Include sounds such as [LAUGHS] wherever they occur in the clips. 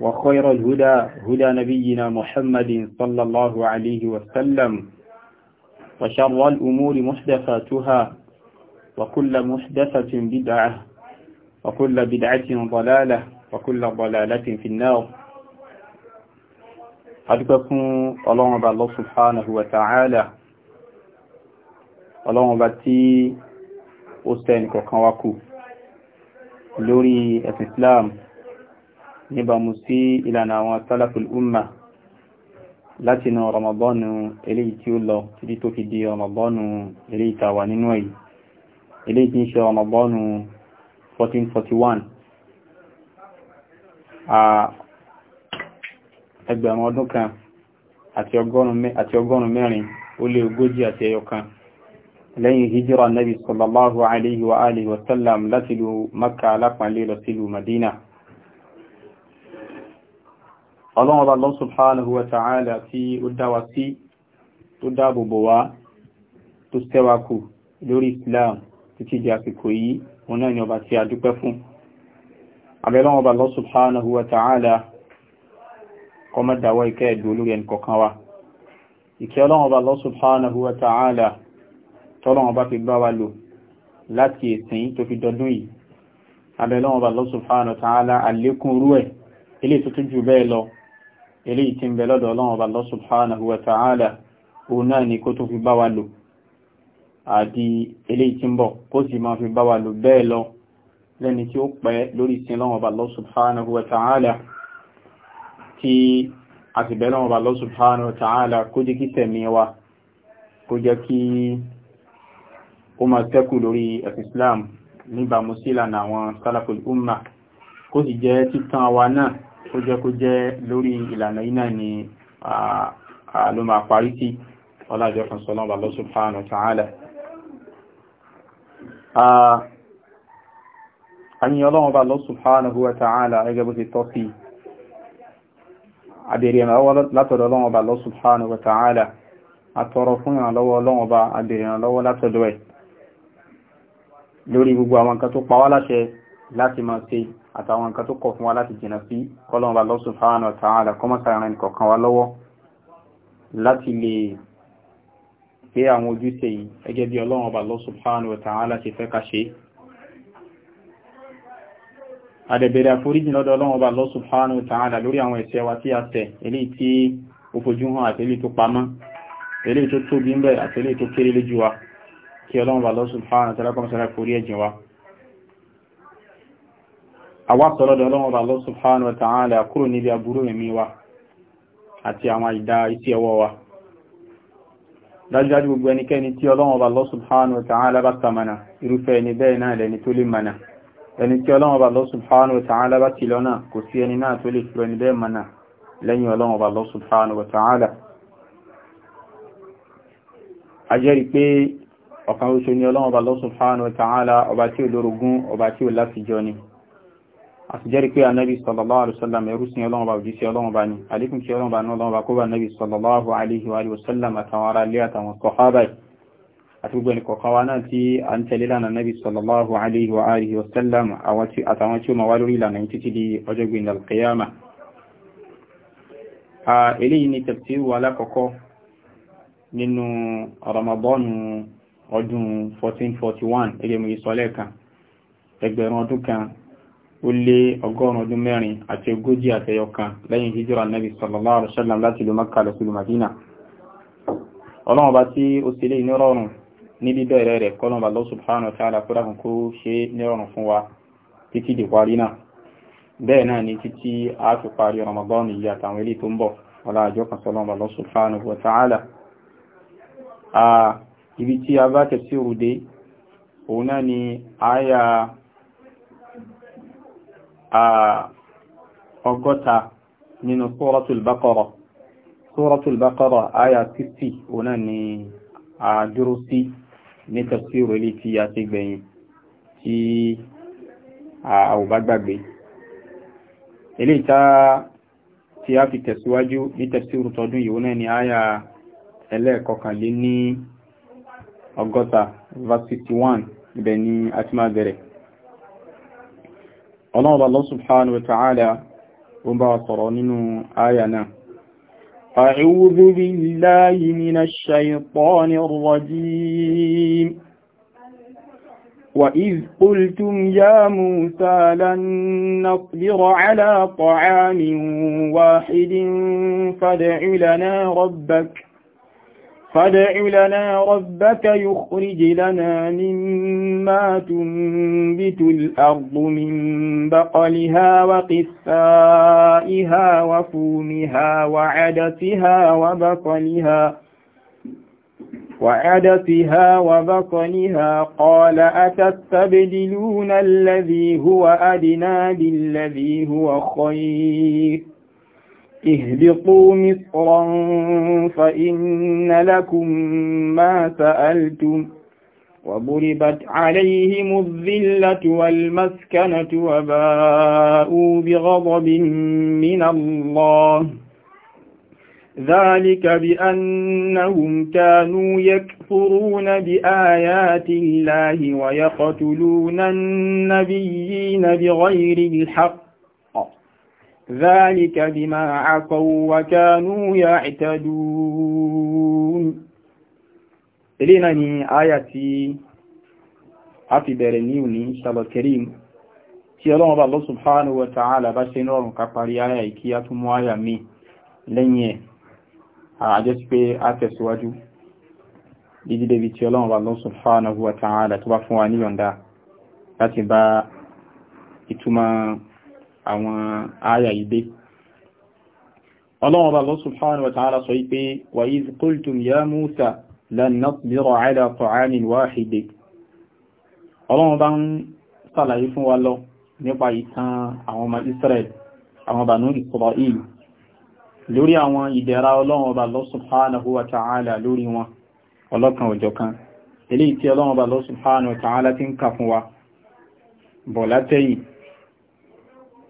وخير الهدى هدى نبينا محمد صلى الله عليه وسلم وشر الأمور محدثاتها وكل محدثة بدعة وكل بدعة ضلالة وكل ضلالة في النار أدبكم الله الله سبحانه وتعالى الله باتي أستينك وكواكو لوري الإسلام níbàmú sí ìlànà àwọn salaful umma láti inú ramadanu eléyìí tí ó lọ títí tó fi di ramadanu eléyìí tá nínú èyí eléyìí tí ń ṣe ramadanu 1441 ẹgbẹ̀rún ọdún kan àti ọgọ́rùn-ún mẹ́rin ó lé ogójì àti ẹyọ kan lẹ́yìn hijira nabi sallallahu alaihi wa alihi wasallam láti lu makka alápàálé lọ sílùú madina ọlọ́run ọba Allah subhanahu wa ta'ala tí ó dáwà sí tó dáàbòbò wá tó ṣẹ́wà kù lórí Islam títí di àsìkò yìí òun náà ni ọba tí a dúpẹ́ fún abẹ́lọ́run ọba Allah subhanahu ta'ala kọmọ́dáwọ́ ikẹ́ ẹ̀dù tó fi jù bẹ́ẹ̀ lọ eléyìí tí ń bẹ lọ́dọ̀ ọlọ́run ọba Allah subhanahu wa ta'ala òun náà ni kó tó fi bá wa lò àti eléyìí tí ń bọ̀ kó sì máa fi bá wa lò bẹ́ẹ̀ lọ lẹ́ni tí ó pẹ́ lórí sin lọ́run ọba Allah subhanahu wa ta'ala tí a sì bẹ́ẹ̀ lọ́run ọba Allah subhanahu wa ta'ala kó jẹ́ kí tẹ̀mí wa kó jẹ́ kó jẹ́ lórí ìlànà iná ni ló máa parí tí ọlájọ́ kan sọ lọ́wọ́ Allah subhanahu wa ta'ala àyìn ọlọ́wọ́ bá Allah subhanahu wa ta'ala ẹgẹ́ bó ti tọ́ sí àbẹ̀rẹ̀ ìrànlọ́wọ́ láti máa ṣe àtàwọn nǹkan tó kọ̀ fún wa láti jìnà sí kọ́lọ́n bá lọ́sùn fáwọn ọ̀tà àlàkọ́mọ́sà ìrìn kọ̀ọ̀kan wa lọ́wọ́ láti lè pé àwọn ojúṣe yìí gẹ́gẹ́ bí ọlọ́run ọba lọ́sùn fáwọn ọ̀tà àlàṣe fẹ́ ká àdẹ̀bẹ̀rẹ̀ àforíjì lọ́dọ̀ ọlọ́run lọ́sùn fáwọn ọ̀tà lórí àwọn ẹ̀ṣẹ̀ wa tí a ṣẹ̀ eléyìí tí ó fojú hàn àti eléyìí tó pamọ́ eléyìí tó tóbi ń bẹ àti eléyìí tó kéré lójú wa kí ọlọ́run lọ́sùn fáwọn ọ̀tà àlà kọ́mọ́sà ìrìn àwásọ̀lọ́dọ̀ ọlọ́run Allah subhanahu wa ta'ala kúrò níbi aburú ẹ̀mí wa àti àwọn ìdá iṣẹ́ ọwọ́ wa dájúdájú gbogbo ẹnikẹ́ni tí ọlọ́run Allah subhanahu wa ta'ala bá tamana irúfẹ́ ẹni bẹ́ẹ̀ náà lẹni tó lè mana ẹni tí ọlọ́run Allah subhanahu wa ta'ala bá ti lọ́nà kò sí ẹni náà tó lè fi ẹni bẹ́ẹ̀ mana lẹ́yìn ọlọ́run Allah subhanahu wa ta'ala a jẹ́rìí pé ọ̀kan oṣù ni ọlọ́run Allah subhanahu wa ta'ala ọba tí ò lórogún ọba tí ò láfijọ́ ni àtijẹ́rí pé anábi sallallahu alaihi wasallam ẹrú sí ọlọ́run bá òjísí ọlọ́run bá ní alékùn kí ọlọ́run bá ní ọlọ́run bá kó bá anábi sallallahu alaihi wasallam àtàwọn ará ilé àtàwọn sọ̀hábà àti wa náà tí tí ó ma wá lórí ìlànà yìí títí di ọjọ́ gbìn alqiyama eléyìí ni tafsir wa alákọ̀ọ́kọ́ nínú Ramadan ọdún 1441 ẹgbẹ̀rún ọdún kan ó lé ọgọ́rùn ọdún mẹ́rin àti ogójì àtẹyọ kan lẹ́yìn hijira nabi sallallahu alaihi wasallam láti ìlú Makka lọ sí ìlú Madina ọlọ́run bá tí ó ṣe lé ní rọrùn ní bíbẹ̀rẹ̀ rẹ̀ kọ́lọ́run bá lọ subhanahu wa ta'ala kó dákun kó ṣe ní rọrùn fún wa títí di parí náà bẹ́ẹ̀ náà ni títí a fi parí Ramadan yìí àtàwọn ilé tó ń bọ̀ ọlá àjọ kan sọlọ́run bá lọ subhanahu wa ta'ala ibi tí a bá tẹ̀síwòde òun náà ni àyà ọgọ́ta nínú Suratul Baqara Suratul Baqara àyà 60 òun náà ni àdúró sí ní tafsiru ilé tí a ti gbẹ̀yìn tí a ò bá gbàgbé ilé ìta tí a fi tẹ̀síwájú ní tafsiru tọdún yìí náà ni àyà ẹlẹ́ẹ̀kọkànlé ní ọgọ́ta verse 51 ibẹ̀ ni a ti máa bẹ̀rẹ̀ ọlọ́run Allah subhanahu wa ta'ala ó bá sọ̀rọ̀ nínú àyà náà a'udhu billahi minash shaytanir rajim وإذ قلتم يا موسى لن نصبر على طعام واحد فادع لنا ربك فادع لنا ربك يخرج لنا مما تنبت الأرض من بقلها وقثائها وفومها وعدتها وبقلها وعدتها وبصلها قال أتتبدلون الذي هو أدنى بالذي هو خير اهبطوا مصرا فإن لكم ما سألتم وضربت عليهم الذلة والمسكنة وباءوا بغضب من الله ذلك بأنهم كانوا يكفرون بآيات الله ويقتلون النبيين بغير الحق ذلك بما عصوا وكانوا يعتدون إلينا ني آياتي àti bẹ̀rẹ̀ ní òní inshallah karim tí ọlọ́run bá Allah subhanahu wa ta'ala bá ṣe rọrùn ká parí ayà ìkí a tún mú ayà mi lẹ́yìn ẹ̀ àjẹ́ sí pé a tẹ̀síwájú dídídébi tí ọlọ́run bá Allah subhanahu wa ta'ala tó bá fún wa níyọ̀nda láti bá ìtumọ̀ àwọn àyà ìdé ọlọ́run bá subhanahu wa ta'ala sọ wípé wa iz qultum ya Musa lan nasbira ala ta'amin wahid ọlọ́run bá ń sàlàyé fún wa lọ nípa ìtàn àwọn ọmọ Israel àwọn bànú Israel lórí àwọn ìdẹ̀ra ọlọ́run ọba subhanahu wa ta'ala lórí wọn ọlọ́kan òjọ̀kan eléyìí tí ọlọ́run ọba subhanahu wa ta'ala ti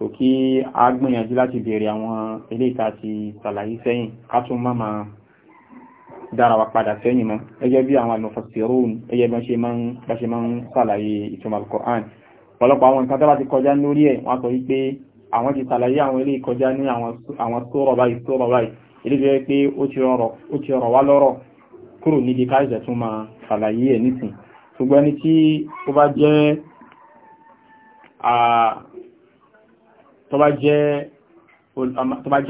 so kí a gbìyànjú láti béèrè àwọn eléta ti ṣàlàyé sẹ́yìn ká tún má máa dára wa padà sẹ́yìn mọ́ gẹ́gẹ́ bí àwọn al-mufassirun gẹ́gẹ́ bí wọ́n ṣe máa ń ṣàlàyé ìtumọ̀ al-Qur'an ọ̀pọ̀lọpọ̀ àwọn nǹkan tábà ti kọjá lórí ẹ̀ wọ́n sọ wípé àwọn ti ṣàlàyé àwọn ilé kọjá ní àwọn sura báyìí sura báyìí ilé tó tó bá jẹ́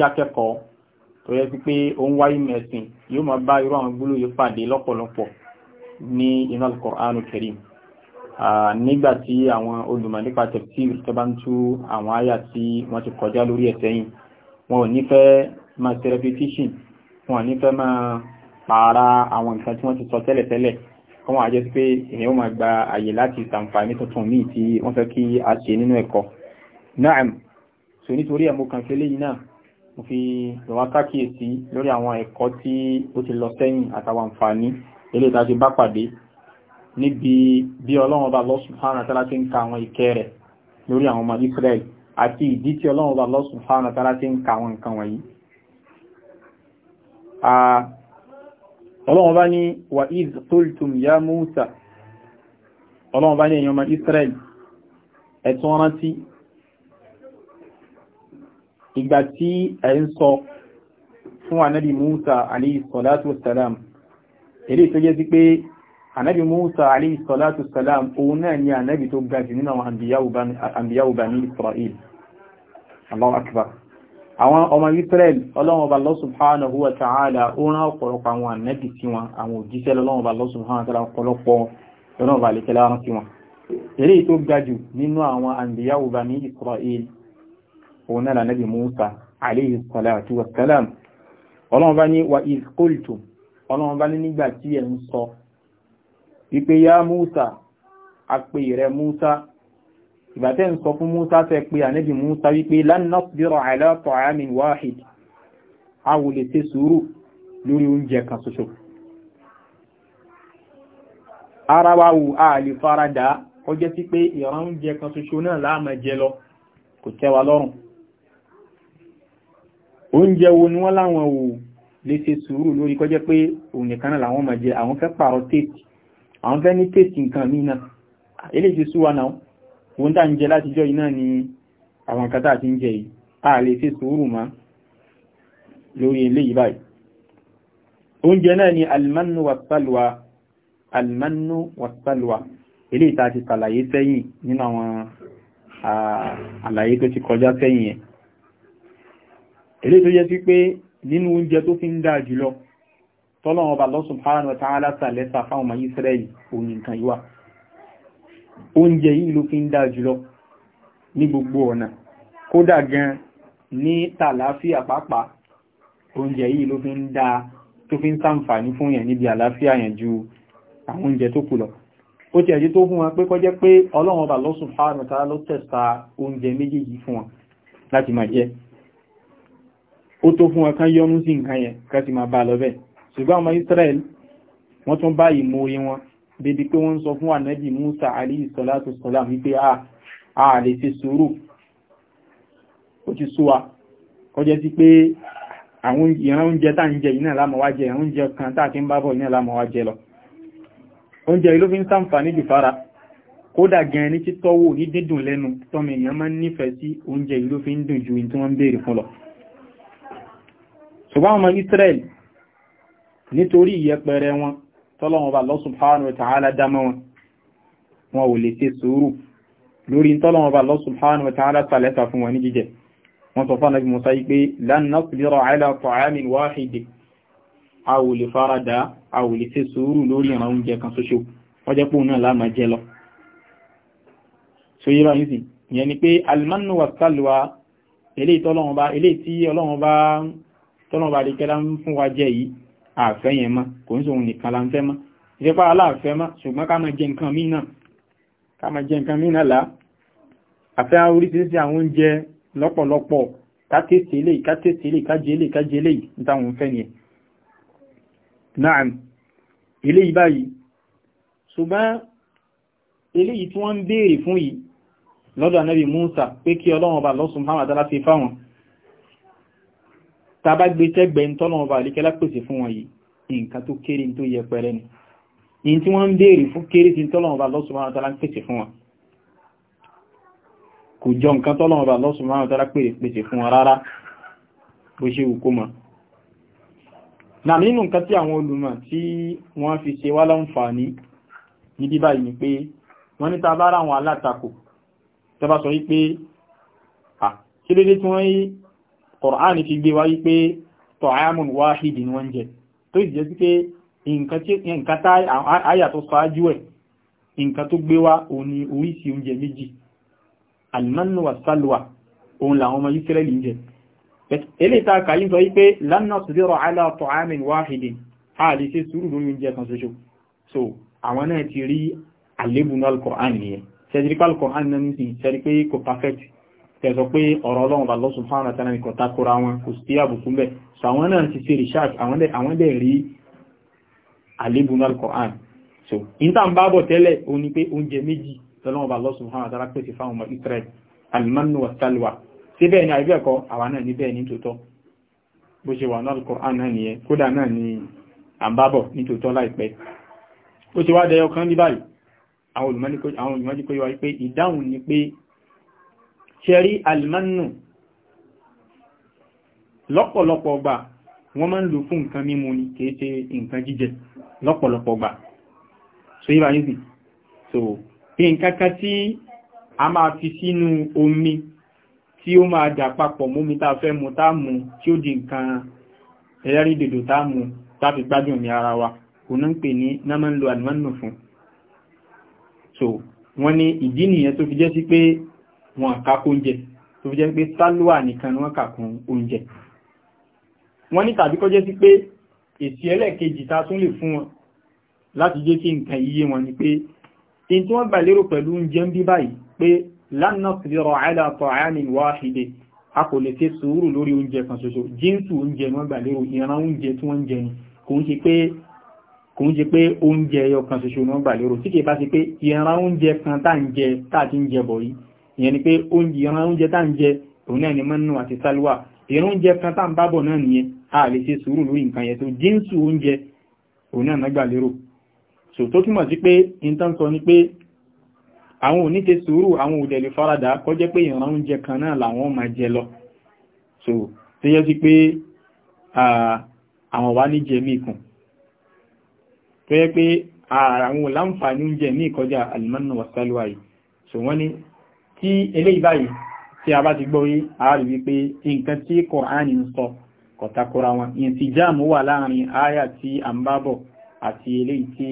akẹ́kọ̀ọ́ tó yẹ pé ó ń wáyé mẹ́sìn yóò máa bá irú àwọn gbólóyè pàdé lọ́pọ̀lọpọ̀ ní inú al-Qur'an al-Karim nígbà tí àwọn olùmọ̀ nípa tafsir tó bá ń tú àwọn àyà tí wọ́n ti kọjá lórí ẹ̀ sẹ́yìn wọn ò nífẹ́ máa ṣe repetition wọn ò nífẹ́ máa pààrà àwọn nǹkan tí wọ́n pé èèyàn máa gba àyè láti ṣàǹfààní tuntun míì tí wọ́n fẹ́ kí a ṣe nínú ẹ̀kọ́ náà so nítorí ẹ̀ mo kàn fi léyìn náà mo fi lọ́wọ́ kákìyèsí lórí àwọn ẹ̀kọ́ tí ó ti lọ sẹ́yìn àtàwọn àǹfààní eléyìí ti bá pàdé níbi bí ọlọ́run ọba Allah subhanahu wa ta'ala ti ń ka àwọn ìkẹ́ rẹ̀ lórí àwọn ọmọ Israel àti ìdí tí ọlọ́run ọba Allah subhanahu wa ta'ala ti ń ka àwọn nǹkan wọ̀nyí ọlọ́run bá ní wà iz qultum ya Musa ọlọ́run bá ní èèyàn ọmọ Israel ẹ̀tún rántí ìgbà tí ẹ̀ ń sọ fún anábì Musa alayhi salatu wassalam èdè tó jẹ́ sí pé anábì Musa alayhi salatu wassalam òun náà ni anábì tó ga jù nínú àwọn àmbíyáwó bani Israel Allahu akbar àwọn ọmọ Israel ọlọ́wọ́n ọba àwọn ọ̀pọ̀lọpọ̀ àwọn àmbíyáwó òun náà nàbì Musa alayhi salatu wa salam ọlọ́run bá ní wa iz qultum ọlọ́run bá ní nígbà tí ẹ̀ ń sọ wípé yá Musa àpè rẹ̀ Musa ìgbàtẹ́ ń sọ fún Musa tẹ́ pé ànábì Musa wípé lan nasbiru ala ta'amin wahid a wò lè tẹ́ sùúrù kò tẹ́wa lọ́rùn oúnjẹ wo ni wọ́n láwọn ò lè ṣe sùúrù lórí kọjẹ́ pé òun nìkan náà làwọn máa jẹ àwọn fẹ́ pààrọ̀ tèèkì àwọn fẹ́ ní tèèkì nǹkan míì náà eléyìí súwa náà òun tá ń jẹ látijọ́ yìí náà ni àwọn nǹkan tá a ti ń jẹ yìí a lè ṣe sùúrù mọ́ lórí eléyìí báyìí oúnjẹ náà ni alimannu wasalwa alimannu wasalwa eléyìí tá a ti ṣàlàyé sẹ́yìn nínú àwọn àlàyé tó ti kọjá sẹ́yìn yẹn èlé tó yẹ sí pé nínú oúnjẹ tó fi ń dá jùlọ tọ́lọ́wọ́n ọba Allah subhanahu wa ta'ala lẹ́sà fáwọn ọmọ Ísírẹ́lì òun nǹkan yíwá oúnjẹ yìí ló fi ń dá jùlọ ní gbogbo ọ̀nà kódà gan ní tàlàáfíà pàápàá oúnjẹ yìí ló fi ń dá tó fi ń ṣàǹfààní fún yẹn níbi àlàáfíà yẹn ju àwọn oúnjẹ tó kù lọ ó ti ẹ̀jẹ́ tó fún wọn pé kọjẹ́ pé ọlọ́wọ́n ọba Allah subhanahu wa ló tẹ̀sà oúnjẹ méjèèjì fún wọn láti máa jẹ ó tó fún wọn kán yọnú sí nǹkan yẹn ká sì máa bá lọ bẹ́ẹ̀ ṣùgbọ́n ọmọ Israel wọ́n tún bá ìmòye wọn débi pé wọ́n sọ fún ànábì Musa alayhi salatu salam wípé ah, a lè ṣe sùúrù ó ti sú wa sí pé àwọn a ti ń bábọ̀ iná lámọ̀ wá jẹ lọ oúnjẹ ló fi ń sàǹfààní jù fara kódà gan ní títọ́wò ní dídùn lẹ́nu tọ́mọ èèyàn máa ń nífẹ̀ẹ́ sí oúnjẹ ló fi ń dùn ju ohun tí wọ́n ń béèrè fún lọ ṣùgbọ́n ọmọ Israel nítorí ìyẹpẹrẹ wọn tọ́lọ́wọ́n bá Allah subhanahu wa ta'ala dámọ́ wọn wọn ò lè ṣe sùúrù lórí tọ́lọ́wọ́n bá Allah subhanahu wa ta'ala sàlẹ́ta fún wọn ní jíjẹ wọn sọ fún Musa yí pé lan nasbira ala ta'amin wahid a ò lè farada a ò lè ṣe sùúrù lórí ìran oúnjẹ kan ṣoṣo wọ́n jẹ́ pòun náà láàmà jẹ lọ so yíra yìí ni pé almanu wa salwa tí ọlọ́wọ́n bá tọ́nà bá rí kẹ́lá ń fún wa jẹ yìí àfẹ́ yẹn mọ́ kò ń sòun nìkan la ń fẹ́ mọ́ ìṣẹ́pá aláàfẹ́ mọ́ ṣùgbọ́n ká máa jẹ nǹkan míì náà ká máa jẹ nǹkan míì náà là àfẹ́ oríṣiríṣi àwọn oúnjẹ lọ́pọ̀lọpọ̀ ká tètè lè ká tètè lè nítawọn fẹ́ yẹn. náà ilé báyìí ṣùgbọ́n ilé tí wọ́n ń béèrè fún yìí lọ́dọ̀ anábì Musa pé kí ọlọ́run ọba lọ́sùn fáwọn àtàlá fáwọn tàbá gbé tẹ́gbẹ̀ ń tọ́lọ̀ ọba àríkẹ́lá pèsè fún wọn yìí nǹkan tó kéré tó yẹ pẹ̀rẹ́ ni in tí wọ́n ń béèrè fún kéré tí tọ́lọ̀ ọba Allah subhanahu wa ta'ala pèsè fún wọn kò jọ nǹkan tọ́lọ̀ ọba Allah subhanahu wa ta'ala pèsè fún wọn rárá bó ṣe wù kó mọ̀ náà nínú ní bíbá yìí pé wọ́n ní ta àwọn alátakò tẹ́ bá sọ à kí ló dé tí wọ́n yí Kùránì ti gbé wáyé pé ta'amun wahidin wọ́n jẹ tó ìjẹ́ sí pé nǹkan tá àyà tó ṣáájú ẹ̀ nǹkan tó gbé wá òun ni oríṣi oúnjẹ méjì almanu wa salwa òun làwọn ọmọ Ísírẹ́lì ń jẹ eléta kàyí sọ wípé lánà sídẹ̀rọ̀ ala ta'amin wahidin a lè ṣe sùúrù lórí kan ṣoṣo so àwọn náà ti rí àlébùnú al-Qur'an nìyẹn sẹ́jìríkà al-Qur'an náà ní sẹ́rí pé kò perfect tẹ̀sọ pé ọ̀rọ̀ ọlọ́run Allah subhanahu wa ta'ala nìkan takora wọn kò sí àbùkù bẹ̀ so àwọn náà ti ṣe research àwọn dẹ̀ rí àlébùnú al-Qur'an so in tá n bá bọ̀ tẹ́lẹ̀ o ní pé oúnjẹ méjì lọ́lọ́run Allah subhanahu wa ta'ala pèsè fáwọn ọmọ Israel al-mannu wa salwa síbẹ̀ ni àbí ẹ̀kọ́ àwa náà níbẹ̀ ní tòótọ́ al-Qur'an náà nìyẹn kódà ni à ń bábọ̀ ní tòótọ́ láìpẹ́ ó ti wá dẹyọ kan ní báyìí ṣẹ̀rí almanu lọ́pọ̀lọpọ̀ ọgbà wọ́n máa ń lò fún nǹkan mímu ni kìí ṣe nǹkan jíjẹ lọ́pọ̀lọpọ̀ ọgbà so yíba yìí sì so nǹkan kan tí a máa fi sínú omi tí ó máa dà papọ̀ mómi tá a fẹ́ mu tá a tí ó di nǹkan ẹlẹ́rìí dòdò tá a mu tá a ara wa kò náà ń pè ní náà almanu fún so wọ́n ní ìdí nìyẹn tó fi jẹ́ sí pé wọn kà kún oúnjẹ tó jẹ́ pé sálúwà nìkan ni wọ́n kà kún oúnjẹ wọ́n ní tàbí kọjẹ́ sí pé èsì ẹlẹ́ẹ̀kejì ta tún lè fún wọn láti jẹ́ kí nǹkan iye wọn ni pé in tí wọ́n gbà lérò pẹ̀lú oúnjẹ ń bí báyìí pé lan ala ta'amin wahide a kò lè ṣe sùúrù lórí oúnjẹ kan ṣoṣo jíǹsù oúnjẹ ni wọ́n gbà lérò ìran oúnjẹ tí wọ́n ń jẹ ni kò ń ṣe pé kò ń ṣe pé oúnjẹ ẹyọ kan ṣoṣo ni gbà lérò tí kìí bá ṣe pé ìran oúnjẹ kan tá ń jẹ tá ń jẹ bọ̀ yìí ìyẹn ni pé oúnjẹ ìran oúnjẹ tá ń jẹ òun náà ni mọ́nú àti sálúwà ìran oúnjẹ kan tá ń bábọ̀ náà nìyẹn a lè ṣe sùúrù lórí nǹkan yẹn tó jíǹsù oúnjẹ òun náà nágbà lérò so tó túmọ̀ sí pé nǹkan sọ ni pé àwọn òní ṣe sùúrù àwọn òdẹ lè faradà kọjẹ́ pé ìran oúnjẹ kan náà làwọn máa jẹ lọ so tó yẹ sí pé àwọn wá ní jẹ mí kùn tó yẹ pé àwọn láǹfààní oúnjẹ ní ìkọjá àlùmọ́nù wàsálùwà yìí so wọ́n ní tí eléyìí báyìí tí a bá ti gbọ́ yí àárí wípé nǹkan tí Kùránì ń sọ kọ̀takura wọn ìntìjáàmù wà láàrin àyà tí a ń bábọ̀ àti eléyìí tí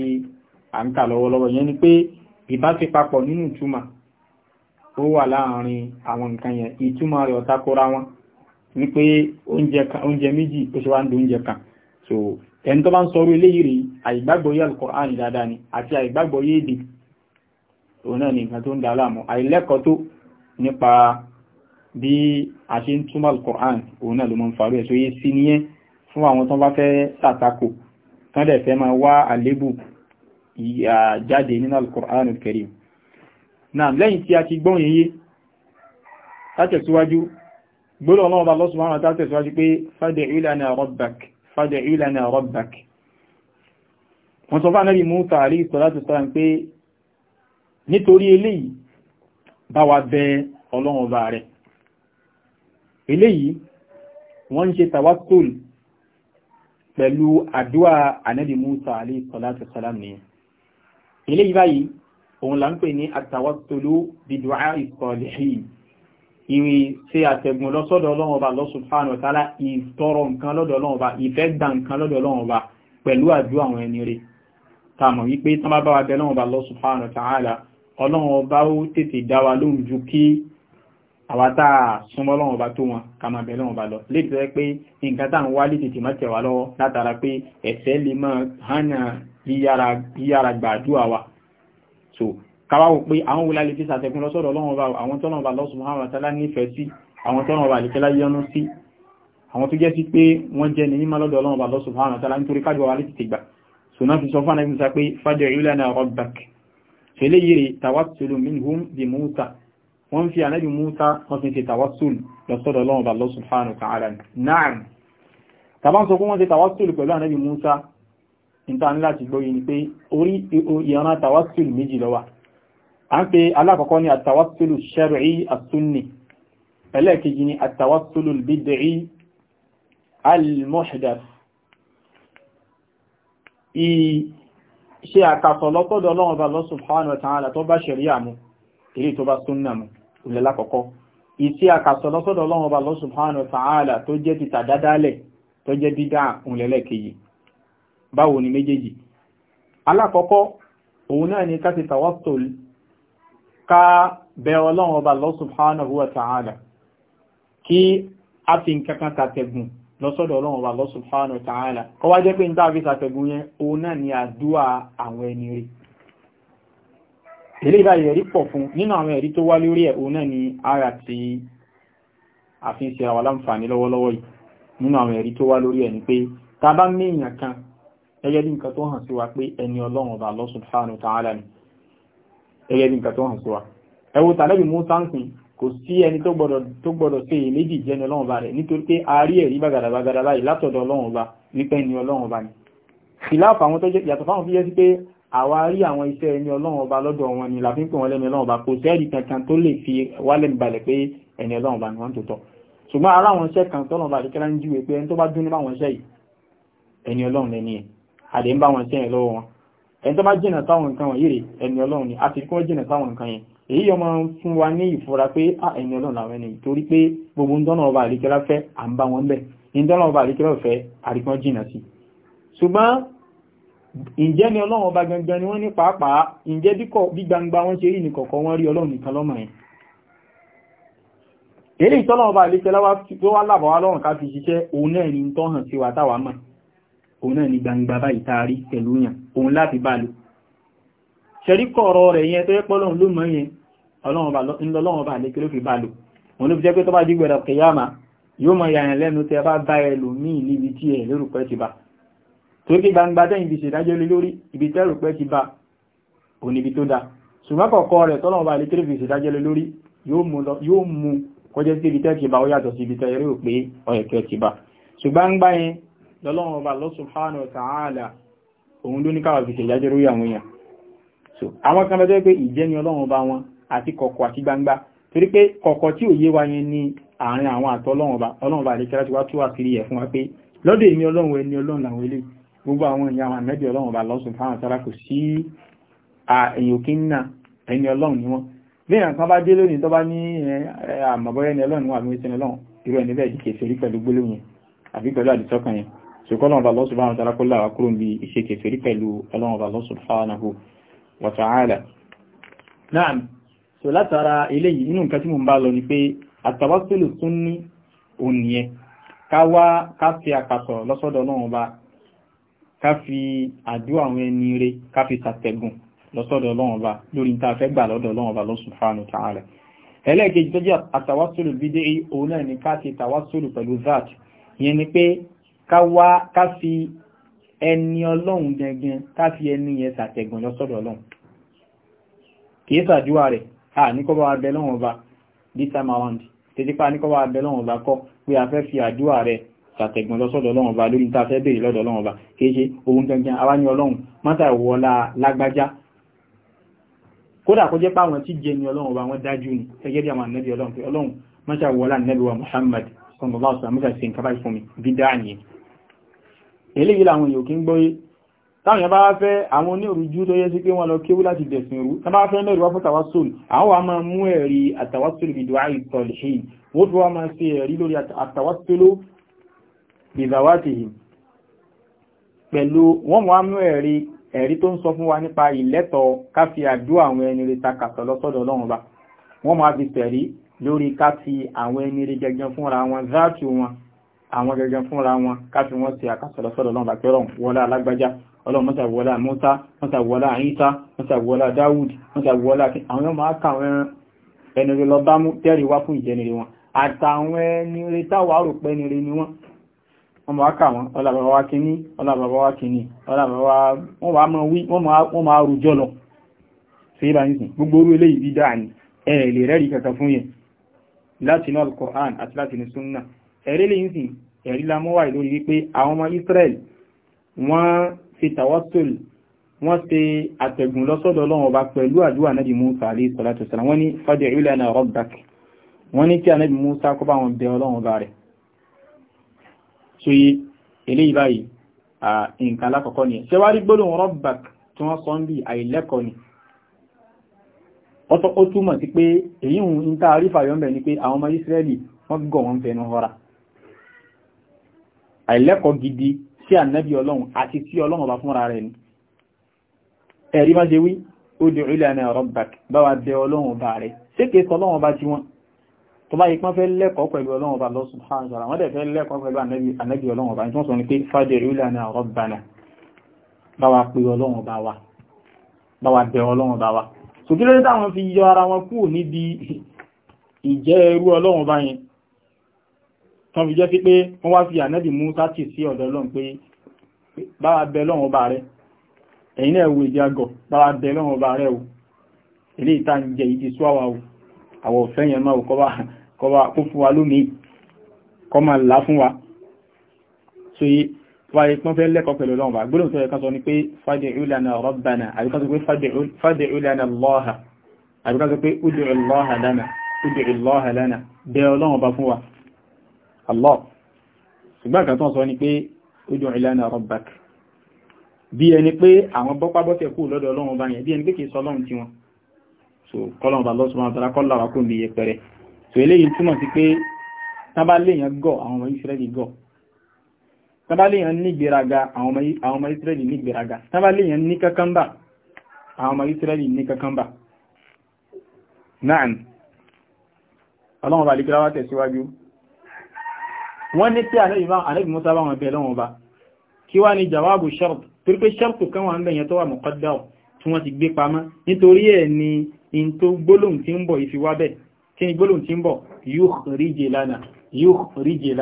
a ń kà lọ́wọ́lọ́wọ́ yẹn ni pé ìbáṣepapọ̀ nínú ìtumà ó wà láàrin àwọn nǹkan yẹn ìtumà rẹ̀ ọ̀takura wọn ni oúnjẹ méjì ó ṣe wá ń do oúnjẹ kan so ẹni tó bá ń sọrú eléyìí rí àìgbàgbọ́yé Al-Kùránì dáadáa ni àti àìgbàgbọ́yé èdè òun náà ni nǹkan tó ń dá láàmú àìlẹ́kọ̀ọ́ tó nípa bí a ṣe ń túmọ̀ Al-Qur'an òun náà ló mọ́ ń farú ẹ̀ tó yé sí níyẹn fún àwọn tó bá fẹ́ tàtakò tán quran Al-Karim náà lẹ́yìn tí a ti gbọ́n yẹyẹ tátẹ̀síwájú gbọ́lọ̀ ọlọ́ọ̀bá lọ́sùnmọ́ràn tátẹ̀síwájú pé fad'i lana rabbak fad'i lana rabbak wọ́n sọ fún anábì Musa alayhi salatu salam pé nítorí eléyìí bá wa bẹ ọlọ́run ọba rẹ̀ eléyìí wọ́n ń ṣe tawassul pẹ̀lú àdúwà ànábì Musa alayhi salatu salam ni eléyìí báyìí òun la ń pè ní àtàwàsólú bidu'a ìsọ̀lẹ̀hìn ìwé ṣe àtẹ̀gùn lọ́sọ́dọ̀ ọlọ́run ọba Allah subhanahu wa ta'ala ìtọrọ nǹkan lọ́dọ̀ ọlọ́run ọba ìfẹ́ gbà nǹkan lọ́dọ̀ ọlọ́run ọba pẹ̀lú àdúrà àwọn ẹni rẹ̀ tàmọ̀ wípé tán bá bá wa bẹ ọlọ́run ọba Allah subhanahu wa ọlọ́run ọba ó tètè dá wa lóhùn ju kí àwa tá a súnmọ́ ọlọ́run ọba tó wọn ká máa bẹ̀ lọ́run ọba lọ léèdì rẹ pé nǹkan tá à ń wá lè tètè má tẹ̀ wá lọ́wọ́ látara pé ẹ̀ṣẹ̀ lè máa hànà yíyára gbàdúrà wa so káwáwò pé àwọn wòlá lè fi sàtẹ̀kùn lọ́sọ̀dọ̀ ọlọ́run ọba àwọn tọ́lọ́run ọba lọ́sùn máa wà tálá nífẹ̀ẹ́ sí àwọn tọ́lọ́run ọba àlèkẹ́lá yọ́nú sí àwọn tó jẹ́ sí pé wọ́n jẹ́ ní mímọ́ lọ́dọ̀ ọlọ́run ọba lọ́sùn máa wà nítorí kájọ wa lè tètè gbà so náà fi sọ fún àná ìmúsa pé fad'u lana rabbak tẹ́lẹ̀ yìí tàwásùlù minhum bí Musa wọ́n fi ànábì Musa wọ́n fi ṣe tàwásùl lọ́sọ́dọ̀ lọ́wọ́ bá Allah subhanahu wa ta'ala náà tàbá ń sọ fún wọ́n ṣe tàwásùl pẹ̀lú ànábì Musa níta ní láti gbóyìn ni pé orí ìran tàwásùl méjì ló wà à ń pe alákọ̀ọ́kọ́ ní àtàwásùlù shar'i as ẹlẹ́ẹ̀kejì ní àtàwásùlù bid'i al ṣe àkàsọ̀ lọ́tọ́dọ̀ ọlọ́run ọba Allah subhanahu wa ta'ala tó bá ṣẹ̀ríà mu èyí tó bá súnnà mu ìlẹ̀ lákọ̀ọ́kọ́ ìṣe àkàsọ̀ lọ́tọ́dọ̀ ọlọ́run ọba Allah subhanahu wa ta'ala tó jẹ́ títà dádálẹ̀ tó jẹ́ dídá òǹlẹ̀lẹ̀ kejì báwo ni méjèèjì alákọ̀ọ́kọ́ òun náà ni ká ti tawassul ká bẹ lọ́sọ́dọ̀ ọlọ́run wa Allah subhanahu wa ta'ala kọ́ wá jẹ́ pé ń dáàbí sàfẹ́gun yẹn òun náà ni àdúà àwọn ẹni rí ilé ìbá ẹ̀rí pọ̀ fún nínú àwọn ẹ̀rí tó wá lórí ẹ̀ òun náà ni ara ti àfihàn àwọn aláǹfààní lọ́wọ́lọ́wọ́ yìí nínú àwọn ẹ̀rí tó wá lórí ẹ̀ kò sí ẹni tó gbọ́dọ̀ pé èméjì jẹ́ni ọlọ́run ọba rẹ̀ nítorí pé a ẹ̀rí bàgàdàbàgàdà báyìí látọ̀dọ̀ ọlọ́run ọba wípé ẹni ọlọ́run ọba ni ìlàfà àwọn tó jẹ́ yàtọ̀ fáwọn tó jẹ́ sí pé àwa àwọn iṣẹ́ ẹni ọlọ́run ọba lọ́dọ̀ ni làfin pè wọn lẹ́ni ọlọ́run ọba kò sẹ́ẹ̀rí kankan tó lè fi wálẹ̀ balẹ̀ pé ẹni ọlọ́run ọba ni wọ́n tó tọ́ ṣùgbọ́n ara àwọn iṣẹ́ kan tọ́lọ̀ bá kíkẹ́lá ń júwe pé ẹni tó bá dún ní báwọn iṣẹ́ yìí ẹni ọlọ́run lẹ́ni ẹ̀ àdé ń bá wọn iṣẹ́ yẹn lọ́wọ́ wọn ẹni tó bá jìnà sáwọn nǹkan wọ̀nyí rè ẹni ọlọ́run ni àti kí wọ́n èyí yọ máa ń fún wa ní ìfura pé à ẹni ọlọ́run làwọn ẹni torí pé gbogbo ń dọ́nà ọba àríkẹ́lá fẹ́ à ń bá wọn bẹ̀ ń dọ́nà ọba àríkẹ́lá fẹ́ àríkọ́ jìnà sí ṣùgbọ́n ǹjẹ́ ni ọlọ́run ọba gangan ni wọ́n ní pàápàá ǹjẹ́ bí gbangba wọn ṣe rí ní kọ̀ọ̀kan wọ́n rí ọlọ́run nìkan lọ́mọ yẹn eré ìtọ́lọ́run ọba àríkẹ́lá tó wá làbọ̀ wá lọ́rùn ká fi ṣiṣẹ́ òun náà ni tọ́hàn sí wa táwa mọ̀ òun náà ni gbangba báyìí taari pẹ̀lú yàn òun láti bá lò ṣẹ̀rí kọ̀ọ̀rọ̀ rẹ̀ yẹn tó yẹ pọ́lọ́run ló mọ̀ yẹn ọlọ́run bá lè kí ló fi bá lò wọn ló fi jẹ́ pé tó bá dígbẹ̀rẹ̀ kìyàmà yóò mọ̀ yàyàn lẹ́nu tẹ bá bá ẹlò ní ìlíbi tí ẹ̀ lórúkọ ti bá torí gbangba tẹ́ ibi ṣèdájọ́ lé lórí ibi tẹ́rùpẹ́ ti bá òun ibi tó dáa ṣùgbọ́n kọ̀ọ̀kọ́ rẹ̀ tọ́lọ́run bá lè kí ló fi ṣèdájọ́ lé lórí yóò mú kọjá sí ibi tẹ́kì bá so àwọn kan lọ́jọ́ pé ìjẹni ọlọ́run ọba wọn àti kọ̀kọ̀ àti gbangba torí pé kọ̀kọ̀ tí òye wa yẹn ní àárín àwọn àtọ́ ọlọ́run ọba ọlọ́run ọba àdékẹ́lá ti wá tú àṣírí ẹ̀ fún wa pé lọ́dọ̀ èmi ọlọ́run ẹni ọlọ́run làwọn ilé gbogbo àwọn èèyàn àwọn àmẹ́bí ọlọ́run ọba lọ́sùn fáwọn àtàrà kò sí èèyàn òkè nínà ẹni ọlọ́run ni wọ́n léèyàn kan bá dé lónìí tó bá ní àmọ̀bọ́yá ẹni ọlọ́run wà lóṣẹ́ ọlọ́run irú ẹni bẹ́ẹ̀ ti kèfèrí pẹ̀lú gbólóhùn yẹn àbí pẹ̀lú àdìsọ́kàn yẹn ṣùgbọ́n ọlọ́run ọba lọ́sùn fáwọn àtàrà kó làwà kúrò níbi ìṣe kèfèrí pẹ̀lú ọlọ́run ọba lọ́sùn fáwọn àhó wa ta'ala na'am so látara eléyìí nínú nǹkan tí mo ń bá lọ ni pé àtàwásílù tún ní òníyẹ ká wá ká fi àkàtọ̀ lọ́sọ́dọ̀ náà bá ká fi àdúrà àwọn ẹni rẹ̀ ká fi tàtẹ̀gùn lọ́sọ́dọ̀ Ọlọ́run bá lórí tá a fẹ́ gbà lọ́dọ̀ Ọlọ́run bá lọ́sùn fáànù ta'ala ẹlẹ́ẹ̀kejì tó jẹ́ àtàwásólù bídé òun náà ni ká ti tàwásólù pẹ̀lú zat yẹn ni pé ká wá ká fi ẹni Ọlọ́run gangan ká fi ẹni yẹn tàtẹ̀gùn lọ́sọ́dọ̀ Ọlọ́run kìí sàdúwà rẹ̀ à níkọ́bà abẹ́ lọ́wọ́n ọba this time around tètípa níkọ́bà abẹ́ lọ́wọ́n ọba kọ́ pé a fẹ́ fi àdúwà rẹ̀ sàtẹ̀gbọ́n lọ́sọ̀dọ̀ lọ́wọ́n ọba lórí ta fẹ́ bèèrè lọ́dọ̀ lọ́wọ́n ọba kìí ṣe ohun gangan wa Muhammad sọ̀rọ̀ bá ọ̀sán mọ́tà ìsìn kábàáyé fún mi bí dáa nìyẹn eléyìí táwọn yẹn bá wá fẹ́ àwọn onírújú tó yẹ sí pé wọ́n lọ kéwú láti dẹ̀sìn rú tán fẹ́ mẹ́rin wá fún tàwásùl àwọn wa máa mú ẹ̀rí àtàwásùl ìdùá ìtọ̀lẹ̀ṣìn wọ́n fi wá máa ṣe ẹ̀rí lórí àtàwásùl ìzàwátìhìn pẹ̀lú wọ́n wá mú ẹ̀rí ẹ̀rí tó ń sọ fún wa nípa ìlẹ́tọ̀ ká fi àdúrà àwọn ẹni rẹ̀ ta kàtọ̀ lọ́sọ́dọ̀ ọlọ́run bá wọ́n máa fi tẹ̀rí lórí ọlọ́run mọ́ta wọlá mọ́ta mọ́ta wọlá àyíta mọ́ta wọlá dáwùd mọ́ta wọlá àwọn yóò máa kà wọn ẹni rẹ lọ bá mú tẹ́rì wá fún ìjẹnire wọn àtàwọn ẹni rẹ táwà rò pé ẹni rẹ ni wọn wọn máa kà wọn ọlábàbá wa kìíní ọlábàbá wa kìíní ọlábàbá wọn wà máa wí wọn máa rojọ́ lọ sí ibà nísìn gbogbo orú eléyìí bí dáa ni sunna ẹ̀rí lè ń sìn ẹ̀rí lamọ́wà ìlórí wípé Israel wọ́n fi tawassul wọ́n ṣe àtẹ̀gùn lọ́sọ́dọ̀ ọlọ́run ọba pẹ̀lú àdúrà náà di musa alayhi salatu wasalam wọ́n ní fad'u lana rabbak wọ́n ní kí anábì musa kó bá wọn bẹ ọlọ́run ọba rẹ̀ so yí eléyìí báyìí nǹkan alákọ̀ọ́kọ́ ni ṣe wá rí gbólóhùn rabbak tí wọ́n ni ó túmọ̀ sí pé èyí ń ta àrífà sí ànábì ọlọ́run àti sí ọlọ́run ọba fúnra rẹ̀ ni ẹ̀rí má ṣe wí ó di ìlànà rabbak bá wa bẹ ọlọ́run ọba rẹ̀ ṣé kìí sọ ọlọ́run ọba tiwọn tó bá yìí pọ́n fẹ́ lẹ́kọ̀ọ́ pẹ̀lú ọlọ́run ọba lọ subhanahu wa ta'ala wọ́n dẹ̀ fẹ́ lẹ́kọ̀ọ́ pẹ̀lú ànábì ọlọ́run ọba tí wọ́n sọ ni pé fàdé ìlànà rabbana bá wa pe ọlọ́run ọba wa bá wa bẹ ọlọ́run ọba wa sòkí lórí táwọn fi yọ ara wọn kúrò níbi ìjẹ́ tán fi jẹ́ sí pé wọ́n wá fi ànẹ́bì Mùsá tì sí ọ̀dọ̀ Ọlọ́run pé bára bẹ lọ́wọ́n ọba rẹ̀ ẹ̀yìn náà wo ìdí agọ̀ bára bẹ lọ́wọ́n ọba rẹ̀ o ilé ìta ń jẹ ìdí súwáwá o àwọ̀ ọ̀fẹ́ yẹn máa kọba kó fún wa lómi kọ máa là fún wa so yí wáyé pọ́n fẹ́ lẹ́kọ̀ọ́ pẹ̀lú Ọlọ́run bá gbọ́dọ̀ tó yẹ kan sọ ni pé fad'u lana rabbana àbíkásọ lana Allaha àbíkásọ Allah ṣùgbọ́n kan tó sọ ni pé ud'u lana rabbak bí ẹni pé àwọn bọ́pábọ́tẹ̀ kú lọ́dọ̀ ọlọ́run bá yẹn bí ẹni pé kìí sọ ọlọ́run tí wọn so kọ́lọ̀n bá lọ́sùn máa tọ́lá kọ́lọ̀ àwákò ní yẹpẹrẹ so eléyìí túmọ̀ sí pé tábà léèyàn gọ̀ àwọn ọmọ Ísírẹ́lì gọ̀ tábà léèyàn ní gbéraga àwọn ọmọ Ísírẹ́lì ní gbéraga tábà léèyàn ní kankanbà àwọn ọmọ Ísírẹ́lì ní kankanbà náà ọlọ́run bá lè kíra wá tẹ̀síwájú wọ́n ní tí ànábì Musa bá wọn bẹ̀ lọ́wọ́ bá kí wá ní jawabu shart torí pé shart kan wà ń bẹ̀yẹn tó wà muqaddar tí wọ́n ti gbé pamọ́ nítorí ẹ̀ ni in tó gbólóhùn tí ń bọ̀ ìfiwábẹ̀ kí ni gbólóhùn tí ń bọ̀ yukhrij lana yukhrij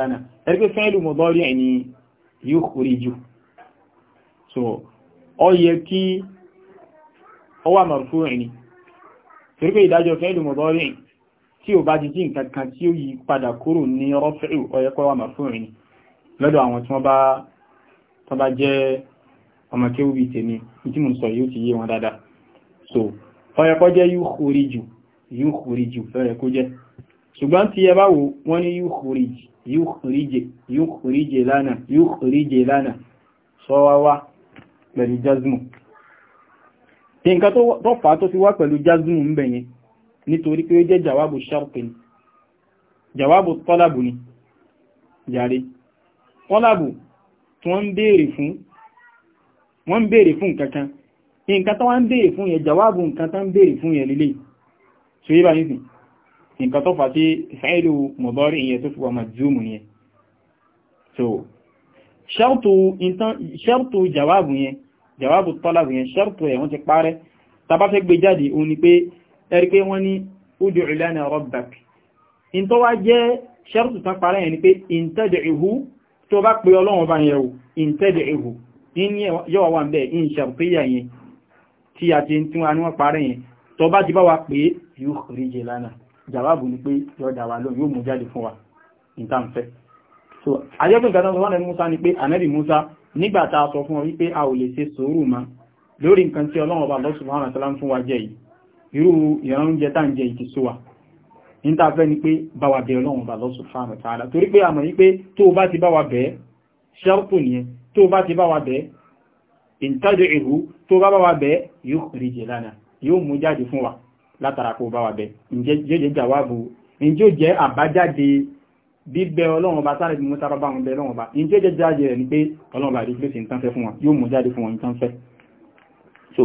tí ò bá ti tí nǹkan kan tí ó yí padà kúrò ní rọ́fẹ́rù ọyẹ́kọ́ wà máa fún ìrìn lọ́dọ̀ àwọn tí wọ́n bá jẹ́ ọmọ kéwú bí tèmi tí mo sọ yóò ti yé wọn dáadáa so ọyẹ́kọ́ jẹ́ yúkúríjù yúkúríjù lọ́yẹ́kọ́ jẹ́ ṣùgbọ́n tí ẹ bá wo wọ́n ní yúkúríjì yúkúríjì yúkúríjì lánàá yúkúríjì lánàá sọ́wáwá pẹ̀lú nítorí pé ó jẹ́ jàwábù sharti ni jàwábù tọ́làbù ni jàre tọ́làbù tí wọ́n ń béèrè fún wọ́n ń béèrè fún nǹkan kan nǹkan tó wọ́n ń béèrè fún yẹn jàwábù nǹkan tó ń béèrè fún yẹn lílé tí ó yé ní sìn nǹkan tó fà ìfẹ́ìlú mọ̀bọ́rí ìyẹn tó fi wà majzumu yẹn so ṣẹ́rtù jàwábù yẹn jàwábù tọ́làbù yẹn ṣẹ́rtù ẹ̀ wọ́n ti parẹ́ tabafẹ́ gbé jáde òun ni pé ẹ̀rí pé wọ́n ní ud'u lana rabbak in tó wá jẹ́ ṣẹ́rùtù tán parẹ́ yẹn ni pé in tad'ihu tó bá pè ọlọ́run bá yẹ̀wò in tad'ihu in yọ́wà wà ń bẹ́ in ṣàrùpíyà yẹn tí a ti ń tún aníwọ̀n parẹ́ yẹn tó bá wa pé so ajẹ́kùn ìgbàtà sọ wọ́n Musa ni pé anẹ́bì Musa nígbàtà sọ fún ọ wípé a ò lè ṣe sùúrù ma lórí nǹkan tí ọlọ́run ọba Allah subhanahu wa ta'ala fún wa jẹ́ yìí irú ìran oúnjẹ tá ń jẹ ìtì sówà ní tá fẹ́ ni pé bá wa bẹ ọlọ́run bá lọ́sù fáàmù tààlà torí pé àmọ̀ wípé tó o bá ti bá wa bẹ́ ṣẹ́rùpù nìyẹn tó o bá ti bá wa bẹ́ ìtajú ìhú tó o bá bá wa bẹ́ yóò rí jẹ lánàá yóò mú jáde fún wa látara kó o bá wa bẹ́ ǹjẹ́ yóò jẹ́ jàwáàbù jẹ́ àbájáde bíbẹ ọlọ́run ọba sáré mú sára bá wọn bẹ ọlọ́run ọba ǹjẹ́ jáde rẹ̀ ni pé ọlọ́run ọba rí pé so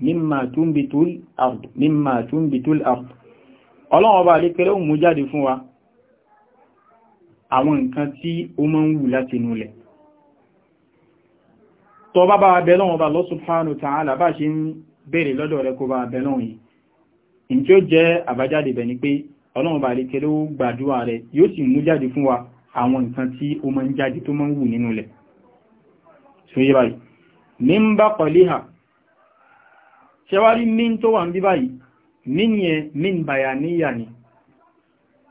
mímà túnbitul ard mímà túnbitul ard ọlọ́wọ́ bá lè pẹ́lẹ́ òun jáde fún wa àwọn nǹkan tí ó máa ń wù láti nulẹ̀ tọ bá bá abẹ́ lọ́wọ́ bá lọ́sù fánù tààlà bá ṣe ń bèèrè lọ́dọ̀ rẹ kó bá abẹ́ lọ́wọ́ yìí in tí ó jẹ́ àbájáde bẹ̀ ni pé ọlọ́wọ́ ṣẹwárí min tó wà ń bí báyìí min yẹn min bayaniya ni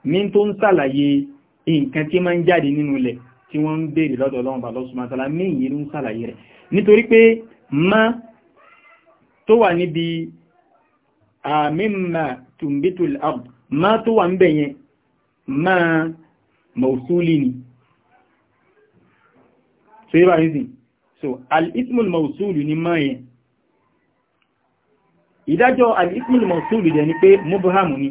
min tó ń sàlàyé nǹkan tí máa ń jáde nínú ilẹ̀ tí wọ́n ń béèrè lọ́dọ̀ ma tó wà níbi àmìmà tùmbítùl ard ma tó wà ma mausuli ni so yíba so al-ismul mausuli ni ma yẹn ìdájọ́ alìsílì mọ̀súlù jẹ́ ni pé mubham ni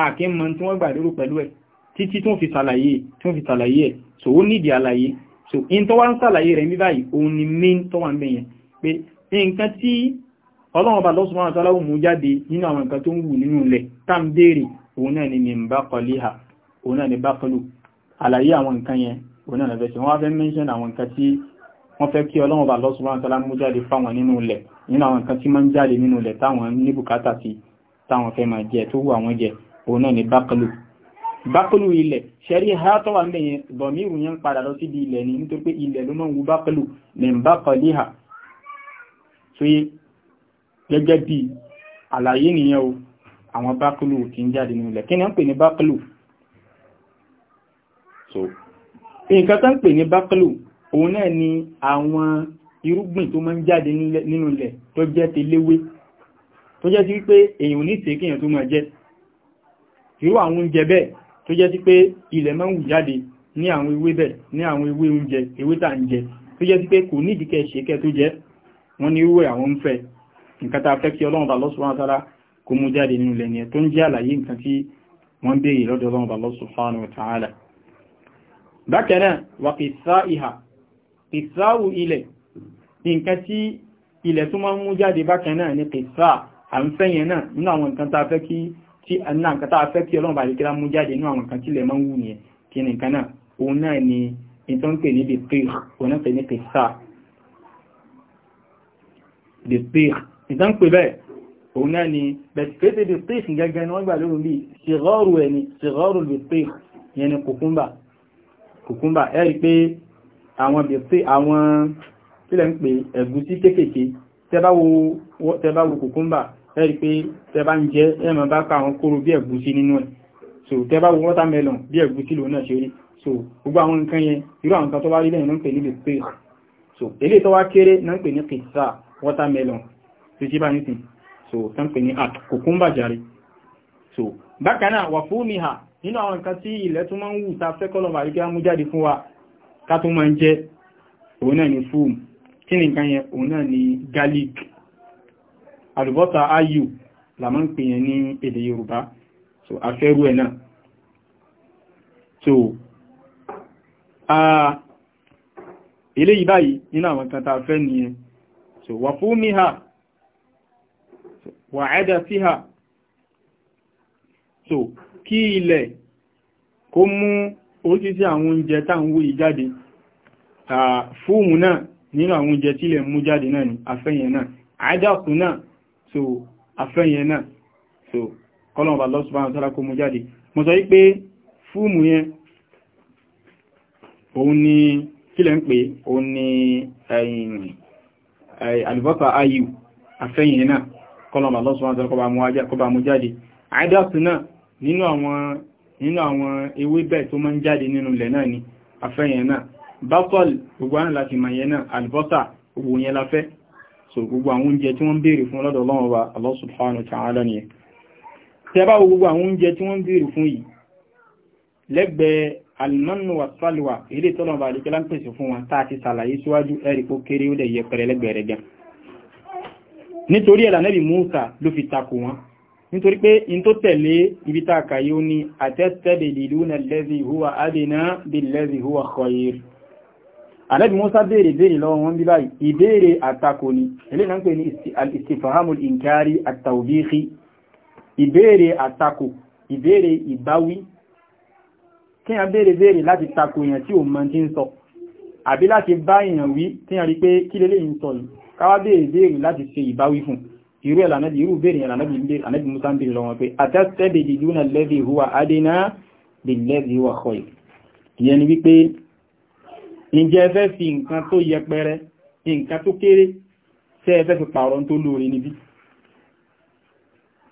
ààkí mọ́ tí wọ́n gbà lérò pẹ̀lú ẹ̀ títí tún fi sàlàyé tún fi sàlàyé ẹ̀ so ó nídìí àlàyé so in tó wá ń sàlàyé rẹ̀ ní báyìí òun ni main tó wà ń bẹ̀ yẹn pé nǹkan tí ọlọ́run bá lọ́sùn ni mi ń bá ni bá kọlù àlàyé àwọn nǹkan yẹn òun náà lọ́fẹ́ sí wọ́n wá fẹ́ mention àwọn nǹkan tí wọ́n fẹ́ kí ọlọ́run bá lọ́sùn máa mú jáde fáwọn nínú ilẹ̀ nínú àwọn nǹkan tí máa ń jáde nínú ilẹ̀ táwọn ní bùkátà sí táwọn fẹ́ máa jẹ tó wù àwọn jẹ òun náà ni bákàlù bákàlù ilẹ̀ ṣẹ́rí ha tó wà mẹ́yẹn bọ̀mí ìrù yẹn padà lọ síbi ilẹ̀ ni nítorí pé ilẹ̀ ló máa ń wu bákàlù min bákàlíhà tó yé gẹ́gẹ́ bí àlàyé nìyẹn o àwọn bákàlù ti ń jáde nínú ilẹ̀ kí ni wọ́n pè ní bákàlù nǹkan tó ń pè ní bákàlù òun náà ni àwọn irúgbìn tó máa ń jáde nínú ilẹ̀ tó jẹ́ ti léwé tó jẹ́ sí pé èyàn ní ìsẹ́ kíyàn tó máa jẹ́ irú àwọn oúnjẹ bẹ́ẹ̀ tó jẹ́ sí pé ilẹ̀ máa ń wù jáde ní àwọn ewé bẹ́ẹ̀ ní àwọn ewé oúnjẹ ewé tà ń jẹ tó jẹ́ sí pé kò ní ìdíkẹ́ ṣekẹ́ tó jẹ́ wọ́n ní irú àwọn ń fẹ́ nǹkan tá a fẹ́ kí ọlọ́run bá lọ́sùn wọn sára kó mú jáde nínú ilẹ̀ yẹn tó ń jẹ́ àlàyé nǹkan tí wọ́n béèrè lọ́dọ̀ ọlọ́run bá lọ́sùn subhanahu wa ta'ala náà wà kìsáà ìhà kìsáà ilẹ̀ nǹkan tí ilẹ̀ tó máa ń mú jáde bákan náà ní kìsà à ń fẹ́ yẹn náà nínú àwọn nǹkan tá a fẹ́ kí tí náà nǹkan tá a kí ọlọ́run bá lè kíra mú jáde nínú àwọn nǹkan tí ilẹ̀ máa ń wù yẹn kí ni nǹkan náà òun náà ni nǹkan pè ní bèpèr òun náà pè ní kìsà bèpèr nǹkan pè bẹ́ẹ̀ òun náà ni bẹ̀tẹ̀kẹ́tẹ̀ bèpèr gẹ́gẹ́ ni wọ́n gbà lórí bí ṣìrọ́rù ẹ̀ ni ṣìrọ́rù bèpèr yẹn ni kùkúmbà kùkúmbà ẹ̀rí pé àwọn bèpèr àwọn kílẹ̀ ń pè ẹ̀gúsí kéékèèké tẹ́bá wo kùkúmbà ẹ̀rí pé tẹ́bá ń jẹ́ ẹ̀mọ̀ bá pa àwọn kóró bí ẹ̀gúsí nínú ẹ̀ so tẹ́bá wo watermelon bí ẹ̀gúsí lòun náà ṣe rí so gbogbo àwọn nǹkan yẹn irú àwọn nǹkan tó wá rí lẹ́yìn ló ń pè ní bèpè so eléyìí tó wá kéré náà ń pè ní kìsà watermelon tó ṣe bá ní sìn so tó ń pè ní kùkúmbà jàre so bákan náà wà fún mi hà nínú àwọn nǹkan tí ilẹ̀ tó máa ń wù ta fẹ́kọ̀ọ́ lọ́wọ́ àríkẹ́ mú jáde fún wa ká tó máa ń jẹ́ òun náà ni fúùmù kí ni nǹkan yẹn òun náà ni garlic àlùbọ́sà ayu la máa ń pè yẹn ní èdè Yorùbá so afẹ́rú ẹ̀ náà so eléyìí báyìí nínú àwọn kan tá nìyẹn so wà fún mi ha wà ẹ́dà sí ha so kí ilẹ̀ kó mú oríṣiríṣi àwọn oúnjẹ táwọn wòye jáde fóòmù náà nínú àwọn oúnjẹ tí ilẹ̀ mú jáde náà ni afẹ́yẹn náà àájàkú náà so afẹ́yẹn náà so kọ́lọ̀ọ̀bà lọ́sùbáwọn tọ́lá kó mú jáde mo sọ wípé fúùmù yẹn òun ni kílẹ̀ ń pè òun ni àlùbọ́sà ayù afẹ́yìn náà kọlọ̀mà lọ́sùnwọ́n kó bá mú jáde àádásù náà nínú àwọn ewébẹ̀ bátọ́lì gbogbo àwọn láti mọ̀ yẹn náà àlùbọ́sà gbogbo yẹn la fẹ́ so gbogbo àwọn oúnjẹ tí wọ́n béèrè fún lọ́dọ̀ Ọlọ́run wa Allah subhanahu wa ta'ala nìyẹn tẹ́ bá wo gbogbo àwọn oúnjẹ tí wọ́n béèrè fún yìí lẹ́gbẹ̀ẹ́ almanu wa salwa ilé tọ́lọ̀ bá àdíkẹ́ láńpèsè fún wọn táà ti sàlàyé síwájú ẹ̀rìkó kéré ó dẹ̀ yẹ pẹ̀rẹ̀ lẹ́gbẹ̀ẹ́rẹ̀ gan nítorí ẹ̀là nẹ́bì Musa ló fi takò wọn nítorí pé in tó tẹ̀lé ibi tá a kàyé ó ní àtẹ́tẹ́bẹ̀ lìlú na lẹ́zì huwa adìna bí lẹ́zì huwa khair Ànábì Musa béèrè béèrè lọ́wọ́ wọn bí báyìí, ìbéèrè àtakò ni, ilé náà ń pè ní al-istifahamul inkari at-tawbihi, ìbéèrè àtakò, ìbéèrè ìbáwí, kí a béèrè béèrè láti takò èèyàn tí ò mọ̀ tí ń sọ, àbí láti bá èèyàn wí tí a rí pé kí lélé ń sọ yìí, káwá béèrè béèrè láti ṣe ìbáwí fún, irú ẹ̀lànàbì, irú béèrè Ànábì Musa ń huwa adina bil huwa khayr. Ìyẹn ni ǹjẹ́ ẹfẹ́ fi nǹkan tó yẹpẹrẹ nǹkan tó kéré tẹ́ ẹfẹ́ fi pààrọ̀ tó lóore níbí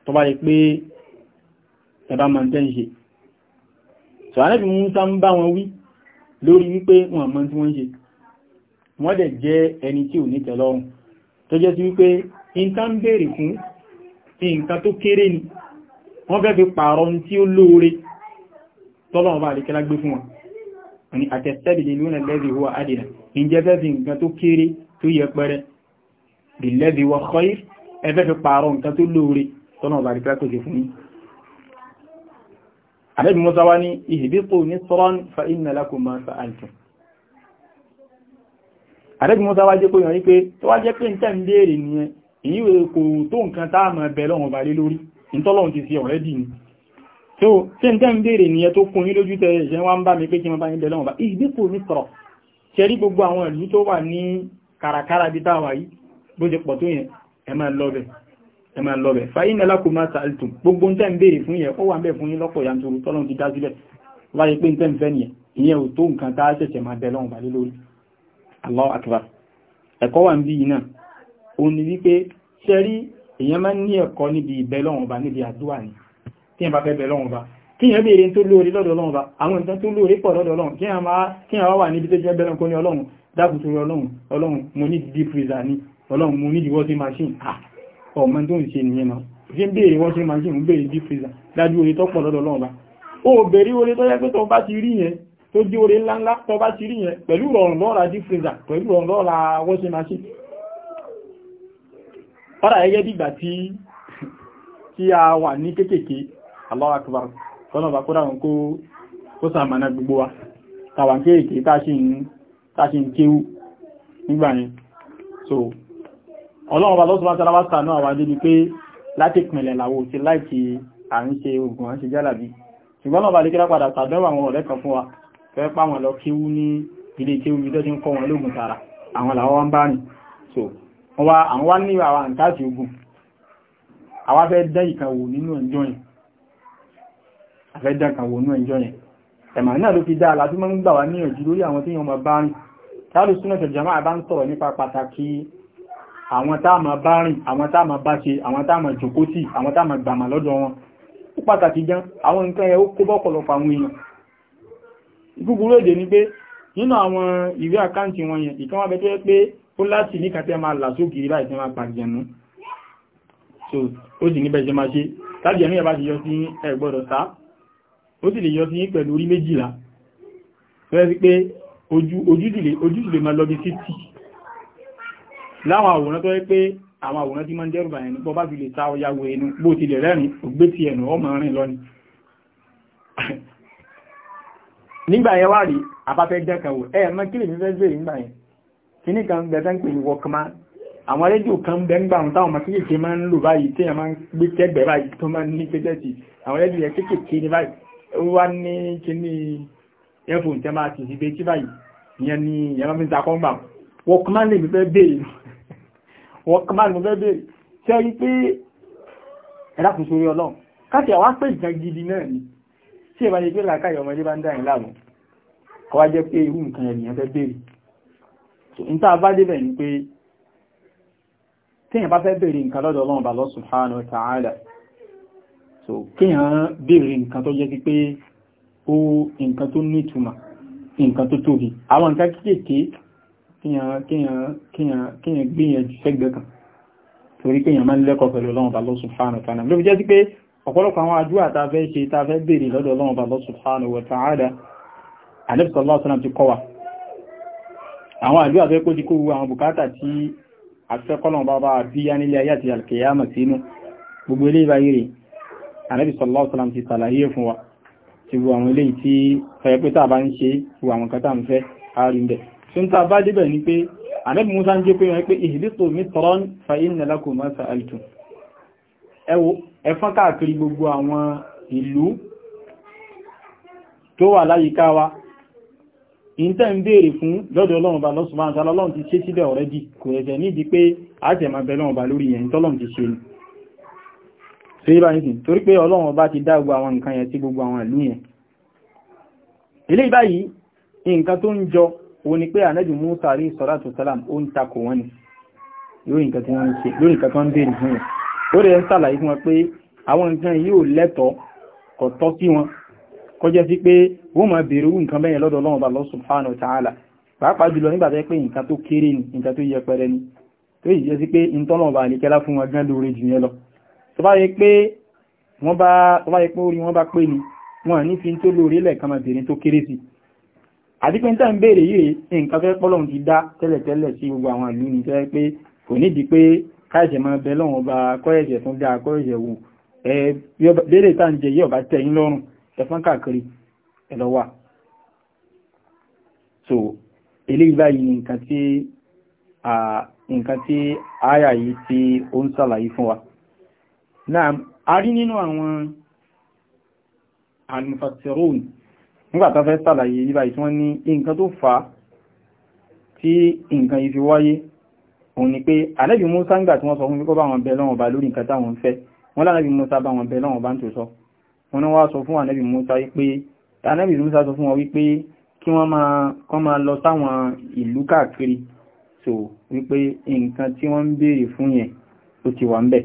tó bá yẹ pé ẹbá ma ń tẹ́ ń ṣe so anẹ́bí Musa ń bá wọn wí lórí wípé wọn mọ́ tí wọ́n ṣe wọ́n dẹ̀ jẹ́ ẹni tí ò ní tẹ́lọ́rùn tó jẹ́ sí wípé nǹkan ń fún nǹkan tó kéré ni wọ́n fẹ́ fi pààrọ̀ tí ó lóore tọ́lọ́run bá lè kẹ́lá gbé fún wọn ni àtẹ̀sẹ́bìlì lónà lẹ́bí huwa adìnà ìjẹ́ fẹ́fì nǹkan tó kéré tó yẹ pẹ́rẹ́ bí lẹ́bí wa khair ẹfẹ́ fi pààrọ̀ nǹkan tó lóore tọ́nà ọ̀bà rí pẹ́kọ̀ sí fún yí àdẹ́bì mọ́sá wá ní ihbitu nisran fa inna lakum ma sa'altum àdẹ́bì mọ́sá so tí n tẹ́ ń bèèrè nìyẹn tó kún yí lójú tẹ ẹ̀ṣẹ́ wá ń bá mi pé kí n bá yín bẹ̀lẹ̀ wọn bá ìgbépo ní sọ̀rọ̀ ṣẹ̀rí gbogbo àwọn ìlú tó wà ní kàràkàrà bí táwà yìí bó ṣe pọ̀ tó yẹn ẹ máa lọ́bẹ̀ ẹ máa lọ́bẹ̀ fàyín ẹlákùn máa sàlùtù gbogbo ń tẹ́ ń bèèrè fún yẹn ó wà ń bẹ̀ tí ẹ bá fẹ́ bẹ̀rẹ̀ lọ́wọ́ bá kí ẹ béèrè tó lóore lọ́dọ̀ Ọlọ́run bá àwọn ìtàn tó lóore pọ̀ lọ́dọ̀ Ọlọ́run kí ẹ máa kí ẹ wà níbi tó jẹ́ bẹ̀rẹ̀ kó ní Ọlọ́run dákùtù Ọlọ́run Ọlọ́run mo ní deep freezer ni Ọlọ́run mo washing machine ọmọ tó ń ṣe nìyẹn náà ṣe ń washing machine ń béèrè deep freezer dájú oore tó pọ̀ lọ́dọ̀ Ọlọ́run bá ó bẹ̀rẹ̀ oore tó yẹ pé tó bá ti rí yẹn tó jẹ́ oore ńláńlá tó bá ti rí yẹn pẹ̀lú rọrùn lọ́ra deep freezer pẹ̀lú rọrùn lọ́ra washing machine ọ̀rà ẹgẹ́ dìgbà tí a wà ní kéékèèké Allahu akbar kọ́nà bá kódà kó kó sàmànà gbogbo wa tàwà kéèké táṣí ń kéwú nígbà so ọlọ́run bá lọ́sùn bá tara bá sànú àwọn adébí pé láti pìnlẹ̀ làwọ̀ sí láìkí à ń ṣe ogun à ń ṣe jálàbí ṣùgbọ́n náà bá lè kíra padà sàdánwò àwọn ọ̀rẹ́ kan fún wa fẹ́ so àwọn wá ní àwọn àǹtáàtì ogun àwa fẹ́ dẹ́ ìkan nínú ẹ̀jọ́ yìí àfẹ́dà kan wọnú ẹjọ́ yẹn ẹ̀mà náà ló fi dá alájú mọ́ ń gbà wá níyànjú lórí àwọn tí yọmọ bá rìn táàlù súnà tẹ̀jàmá bá ń sọ̀rọ̀ nípa pàtàkì àwọn táàmà bá rìn àwọn táàmà bá ṣe àwọn táàmà jòkó tì àwọn táàmà gbàmà lọ́dọ̀ wọn ó ni pé nínú àwọn ìwé àkáǹtì wọn yẹn ìkan wọn bẹ tó yẹ pé ó láti ní kàtẹ́ so ó sì níbẹ̀ ṣe máa ṣe tájẹ̀nú yẹn ó sì lè yọ sí yín pẹ̀lú orí méjìlá fẹ́ sí pé ojúdìlé máa lọ́bí sí tì láwọn àwòrán tó yẹ pé àwọn àwòrán tí máa ń dẹ́rùbà ẹni bọ́ bá fi lè ta ọya wo ẹnu bó ti lè rẹ́rìn ògbé ti ẹ̀nù ọmọ rìn lọ ni [LAUGHS] nígbà yẹn wá rí àbáfẹ́ dẹ́kan wò ẹ̀ mọ́ kí lè mi fẹ́ bèèrè nígbà yẹn kíní kan bẹ̀ fẹ́ ń pè ní àwọn rédíò kan bẹ̀ ń gbà wọn táwọn kéékèèké máa ń lò báyìí tí èèyàn máa ń gbé tẹ́gbẹ̀ẹ́ báyìí tó máa ń ní pé tẹ́tì àwọn rédíò yẹn kéékèèké ní báyìí wá ní kíní ẹ̀fọ́ ìtẹ́ máa ti ṣíbẹ̀ tí báyìí ìyẹn ni ìyẹn máa fi ń ta kọ́ńgbà Walkman lè mi fẹ́ béèrè Walkman mo fẹ́ béèrè ṣe rí pé ẹ̀dá kò sórí ọlọ́run káṣí àwọn pé ìtàn gidi náà ni tí ìbá ṣe pé làákàyè ọmọdé bá ń dáyìn láàmú kọ́ wá jẹ́ pé irú nǹkan ènìyàn fẹ́ béèrè níta bá débẹ̀ ni pé téèyàn bá fẹ́ béèrè nǹkan lọ́dọ̀ ọlọ́run bá Allah subhanahu wa ta'ala so kéèyàn béèrè nǹkan tó jẹ́ sí pé ó nǹkan tó ní ìtumọ̀ nǹkan tó tóbi àwọn nǹkan kéèkéé kéèyàn gbìyànjú sẹ́gbẹ̀ẹ́ kan torí kéèyàn máa ń lẹ́kọ̀ọ́ pẹ̀lú ọlọ́run bá lọ́sùn fáànù tánà ló fi jẹ́ sí pé ọ̀pọ̀lọpọ̀ àwọn àdúrà tá a fẹ́ ṣe tá a fẹ́ béèrè lọ́dọ̀ ọlọ́run bá lọ́sùn fáànù wọ̀ tààdà àlẹ́bùsọ̀ lọ́sùn ti kọ́ wa àwọn àdúrà gbogbo eléyìí báyìí rèé ànábì sallallahu alaihi wasallam ti sàlàyé fún wa ti wo àwọn eléyìí tí fẹ́ pé tá a bá ń ṣe wo àwọn kan ń fẹ́ àárín bẹ̀ tó ń ta bá débẹ̀ ni pé ànábì musa ń jẹ́ pé wọ́n pé ihbitu misran fa inna lakum ma sa'altum ẹ wo ẹ fọ́n káàkiri gbogbo àwọn ìlú tó wà láyìíká wa ìntẹ́ ń béèrè fún lọ́dọ̀ ọlọ́run bá tí yí bá ní sí torí pé ọlọ́run bá ti dá gbogbo àwọn nǹkan yẹn sí gbogbo àwọn ìlú yẹn ilé ìbáyìí nǹkan tó ń jọ òun ni pé ànábì Musa alayhi salatu salam ó ń takò wọn ni lórí nǹkan tí wọ́n ń ṣe lórí nǹkan tó ń béèrè fún yẹn ó rẹ̀ ń sàlàyé fún wọn pé àwọn nǹkan yìí ò lẹ́tọ̀ọ́ tó bá yẹ pé wọ́n bá tó bá yẹ pé orí wọ́n bá pé ni wọ́n ní fi tó lórí ilẹ̀ kan obìnrin tó kéré sí àti pé ń tàn béèrè yìí nǹkan fẹ́ pọ́lọ̀ ti dá tẹ́lẹ̀tẹ́lẹ̀ sí gbogbo àwọn ìlú ni pé kò nídìí pé káìsẹ̀ máa bẹ lọ́wọ́n bá kọ́ẹ̀sẹ̀ tún dá kọ́ẹ̀sẹ̀ wò ẹ tá ń jẹ yí ọ̀bá tẹ̀yìn lọ́rùn ẹ̀fọn káàkiri ẹ lọ wà so eléyìí báyìí ni nǹkan tí nǹkan tí áyà yìí tí ó ń ṣàlàyé fún wa náà a rí nínú àwọn almufassirun nígbàtá fẹ́ sàlàyé nígbà tí wọ́n ní nǹkan tó fa tí nǹkan yìí fi wáyé òun ni pé ànábì Musa ń gbà tí wọ́n sọ fún kíkọ́ bá wọn bẹ lọ́wọ́ bá lórí nǹkan táwọn fẹ́ wọ́n lánàbì Musa bá wọn bẹ lọ́wọ́ bá ń tò sọ wọ́n wá sọ fún ànábì Musa wípé ànábì Musa sọ fún wọn wípé kí wọ́n máa lọ sáwọn ìlú káàkiri so wípé nǹkan tí wọ́n ń béèrè fún yẹn ó ti wà ń bẹ̀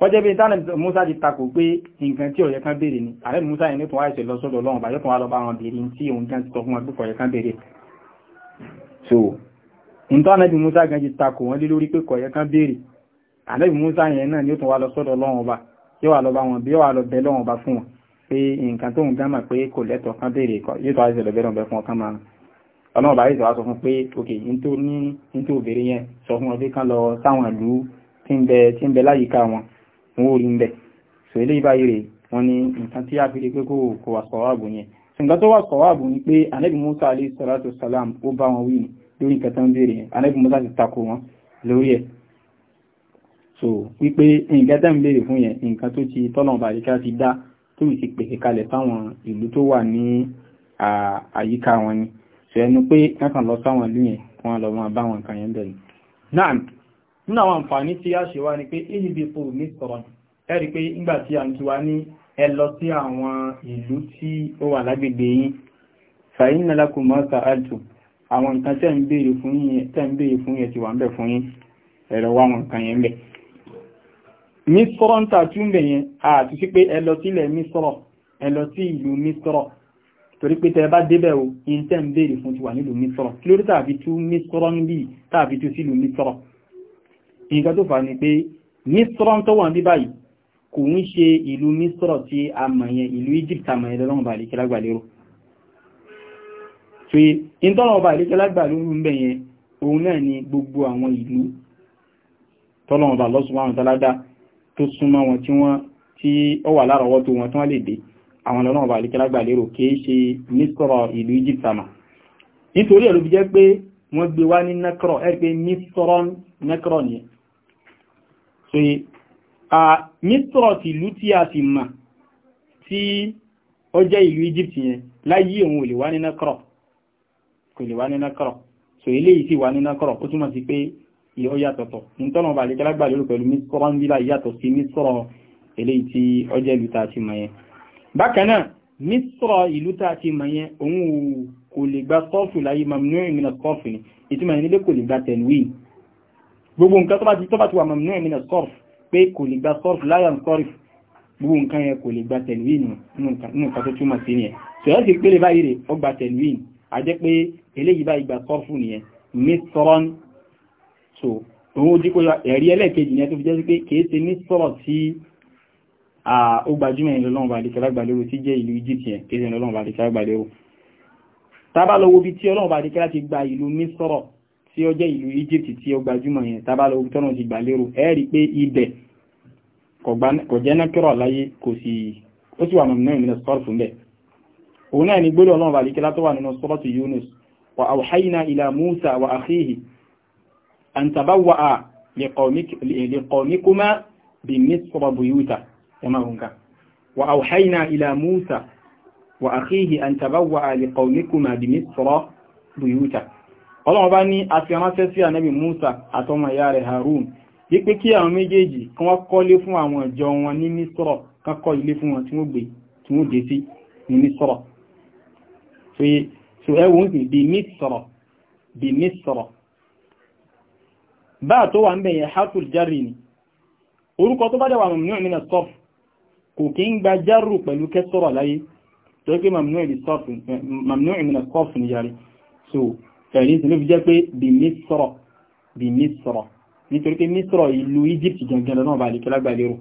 kọjẹ́ bí tánà Musa ti takò pé nǹkan tí ó kan béèrè ni ààrẹ Musa yẹn nípa àìsẹ̀ lọ sọ́dọ̀ bàjọ́ kan wá lọ wọn béèrè tí òun gan ti sọ fún wọn kan béèrè so ìtọ́nà bí Musa gan ti takò wọn lé lórí pé kọ̀ kan béèrè ààrẹ Musa yẹn náà ni ó tún wá lọ sọ́dọ̀ Ọlọ́run ọba yóò wá wọn bí yóò wá lọ bẹ lọ́wọ́n ọba fún wọn pé nǹkan tóun gan mà pé kò lẹ́tọ̀ọ́ kan béèrè yóò tó àìsẹ̀ lọ bẹ́ẹ̀ lọ́wọ́ fún wọn máa ọlọ́run bàbá ìsọ̀wá sọ fún pé òkè ní tó obìnrin yẹn sọ fún wọn pé lọ sáwọn ìlú tí ń bẹ láyìíká wọn wọ́n rí ń bẹ̀ so ilé ìbáyìí rẹ̀ wọ́n ní nǹkan tí a fi rí pé kò kò yẹn ṣùgbọ́n tó wà ni pé anabi musa alayhi salatu salam ó bá wọn wí lórí nǹkan tó ń béèrè yẹn anabi musa ti tako wọn lórí ẹ̀ so wípé nǹkan tẹ́ ń béèrè fún yẹn nǹkan tó ti tọ́nà bàríkà ti dá tó ti pèsè kalẹ̀ fáwọn ìlú tó wà ní àyíká wọn ni so ẹnu pé kákan lọ sáwọn ìlú yẹn wọn lọ wọn bá wọn kàn yẹn bẹ̀rẹ̀ náà nínú àwọn àǹfààní tí a ṣe wá ni pé ìhìbìpò ní sọ̀rọ̀ ẹ̀rí pé nígbà tí a ń kí wa ní ẹ lọ sí àwọn ìlú tí ó wà lágbègbè yín fàyín nàlákù mọ́sà àjò àwọn nǹkan tẹ́ ń béèrè fún yín tẹ́ ń béèrè fún yín ti wà ń bẹ̀ fún yín ẹ̀rọ wá wọn nǹkan yẹn bẹ̀ ní sọ̀rọ̀ ń ta tún bẹ̀ yẹn àti sí pé ẹ sílẹ̀ ní sọ̀rọ̀ ẹ sí ìlú ní sọ̀rọ̀ torí pé tẹ́ bá débẹ̀ o yín tẹ́ ń béèrè fún ti wà nílùú ní sọ̀rọ̀ kí lórí tàbí tú ní sọ̀rọ̀ níbí tàbí tú sílùú ní sọ̀rọ̀ nǹkan tó fà ní pé mísírọ̀ tó wà ní báyìí kò ń ṣe ìlú mísírọ̀ tí a mọ̀ ìlú Egypt a mọ̀ yẹn lọ́wọ́ bá àríkẹ́ lágbà lérò pé ìtọ́lọ̀ bá àríkẹ́ lágbà lérò ń bẹ̀ yẹn òun náà ni gbogbo àwọn ìlú tọ́lọ̀wọ̀n bá lọ́sùnmáwọn tọ́ládá tó súnmọ́ wọn tí wọ́n tí ó wà lárọ̀wọ́ tó wọn tí wọ́n lè dé àwọn lọ́nà bá àríkẹ́ lágbà kìí ṣe mísírọ̀ ìlú Egypt a mọ̀ nítorí ẹ̀ ló fi jẹ́ pé wọ́n gbé wá ní nẹ́kọ̀rọ̀ ẹ́ pé mísírọ̀ nẹ́kọ̀rọ̀ ṣe a mísírọ̀ tìlú tí a sì mà tí ó jẹ́ ìlú Egypt yẹn láyé òun ò wá ní nákọ̀rọ̀ kò lè wá ní nákọ̀rọ̀ so eléyìí sì wá ní nákọ̀rọ̀ ó túmọ̀ sí pé ìhọ́ yàtọ̀tọ̀ nítọ́nà ọba àlejò alágbàlérò lórí pẹ̀lú mísírọ̀ ń bílà yàtọ̀ sí mísírọ̀ eléyìí tí ó jẹ́ ìlú tá a ti mọ̀ yẹn bákan náà mísírọ̀ ìlú tá a ti mọ̀ yẹn òun kò lè gba sọ́ọ̀fù láyé mamnu'in min as ìtumọ̀ yẹn kò lè gba tẹ̀lúwìn gbogbo nǹkan tó bá ti tọ́bà ti wà mọ̀mí náà mìíràn sọ́rf pé kò lè gba sọ́rf láyàn sọ́rf gbogbo nǹkan yẹn kò lè gba tẹ̀lúwìn nǹkan tó túmọ̀ sí nìyẹn sọ̀rọ̀ sì pélé báyìí rè ó gba tẹ̀lúwìn a jẹ́ pé eléyìí báyìí gba sọ́rf nìyẹn mísọ́rọ́n so òun ojú kó ẹ̀rí ẹlẹ́ẹ̀kejì yẹn tó fi jẹ́ sí pé kìí ṣe mísọ́rọ̀ tí ó gbajúmọ̀ ìlú lọ́wọ́ àdìkẹ́ lágbàlérò tí jẹ́ ìlú Egypt yẹn kìí ṣe ìlú lọ́wọ́ àdìkẹ́ lágbàlérò tá a bá lọ wo tí ó jẹ́ ìlú Egypt tí ó gbajúmọ̀ yẹn tábàlọ́ tọ́nà ti gbà lérò ẹ rí pé ibẹ̀ kò jẹ́ nákírọ̀ láyé kò sì ó sì wà mọ̀ náà ìmìnà sọ́ọ̀rọ̀ fún bẹ̀ òun náà ni gbọ́dọ̀ ọlọ́run bá líkẹ́ látọ́wà nínú sọ́rọ̀tù Yunus wa awhayna ila Musa wa akhihi an tabawwa'a ọlọ́run bá ní àti ránṣẹ́ sí ànábì Musa àtọmọ ìyá rẹ̀ Harun wípé kí àwọn méjèèjì kan wọ́n kọ́lé fún àwọn ìjọ wọn ní Mísírọ̀ kákọ́ ilé fún wọn tí wọ́n gbé tí wọ́n dé sí ní Mísírọ̀ so ẹwùn sí bí Mísírọ̀ bí Mísírọ̀ bá tó wà ń bẹ̀yẹ harful jarri ni orúkọ tó bá dẹ̀ wà mamnu' min as-sarf kò kí ń gba jarru pẹ̀lú kẹsọ̀rọ̀ láyé ni yàrí so ẹ̀rí tí ló fi jẹ́ pé bí mísọ̀rọ̀ bí mísọ̀rọ̀ nítorí pé mísọ̀rọ̀ ìlú Egypt gangan lọ́nà bá àlekẹ́lá gbà lérò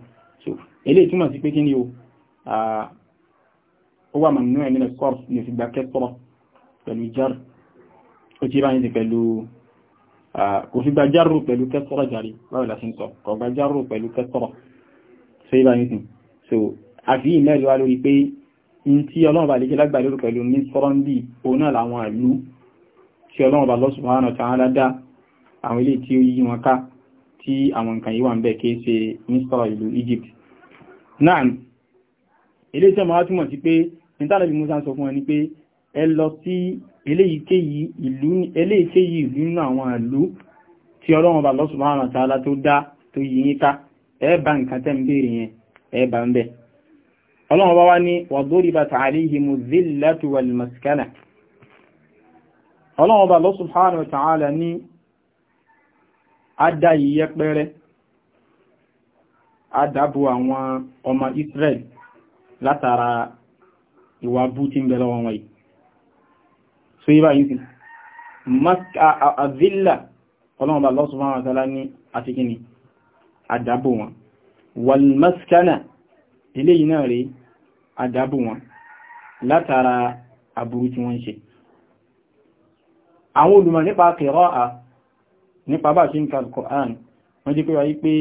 so eléyìí túmọ̀ sí pé kí ni o ó wà màmú ẹ̀mí lẹ́kọ́r ní òfin gba kẹ́sọ̀rọ̀ pẹ̀lú jar ó ti bá yín sí pẹ̀lú kò fi gba jarro pẹ̀lú kẹ́sọ̀rọ̀ jàre báwo la ṣe ń sọ kò gba jarro pẹ̀lú kẹ́sọ̀rọ̀ so ibà yín sìn tí ọlọ́run bá Allah subhanahu wa ta'ala dá àwọn ilé tí ó yí wọn ká tí àwọn nǹkan yíwà ń bẹ̀ kìí ṣe mísọ́rọ̀ ìlú Egypt náà ilé tí ọmọ wá túmọ̀ sí pé nítàlẹ́bí Musa sọ fún wọn ni pé ẹ lọ sí eléyìíkéyìí ìlú nínú àwọn ìlú tí ọlọ́run bá Allah subhanahu wa ta'ala tó yí yín ká ẹ bá nǹkan tẹ́ ń béèrè yẹn ẹ bá ń bẹ̀ ọlọ́run bá wá ní wa duribat ọlọ́run ọba Allah subhanahu wa ta'ala ní adá yìí yẹpẹrẹ adábo àwọn ọmọ Israel látara ìwà bú tí ń bẹ lọ́wọ́ wọn yìí so yíba yìí sí maska azilla ọlọ́run ọba Allah subhanahu wa ní àwọn olùmọ̀ nípa kìrọ́à nípa bá ṣe ń ka Qur'an wọ́n jẹ́ pé wáyé pé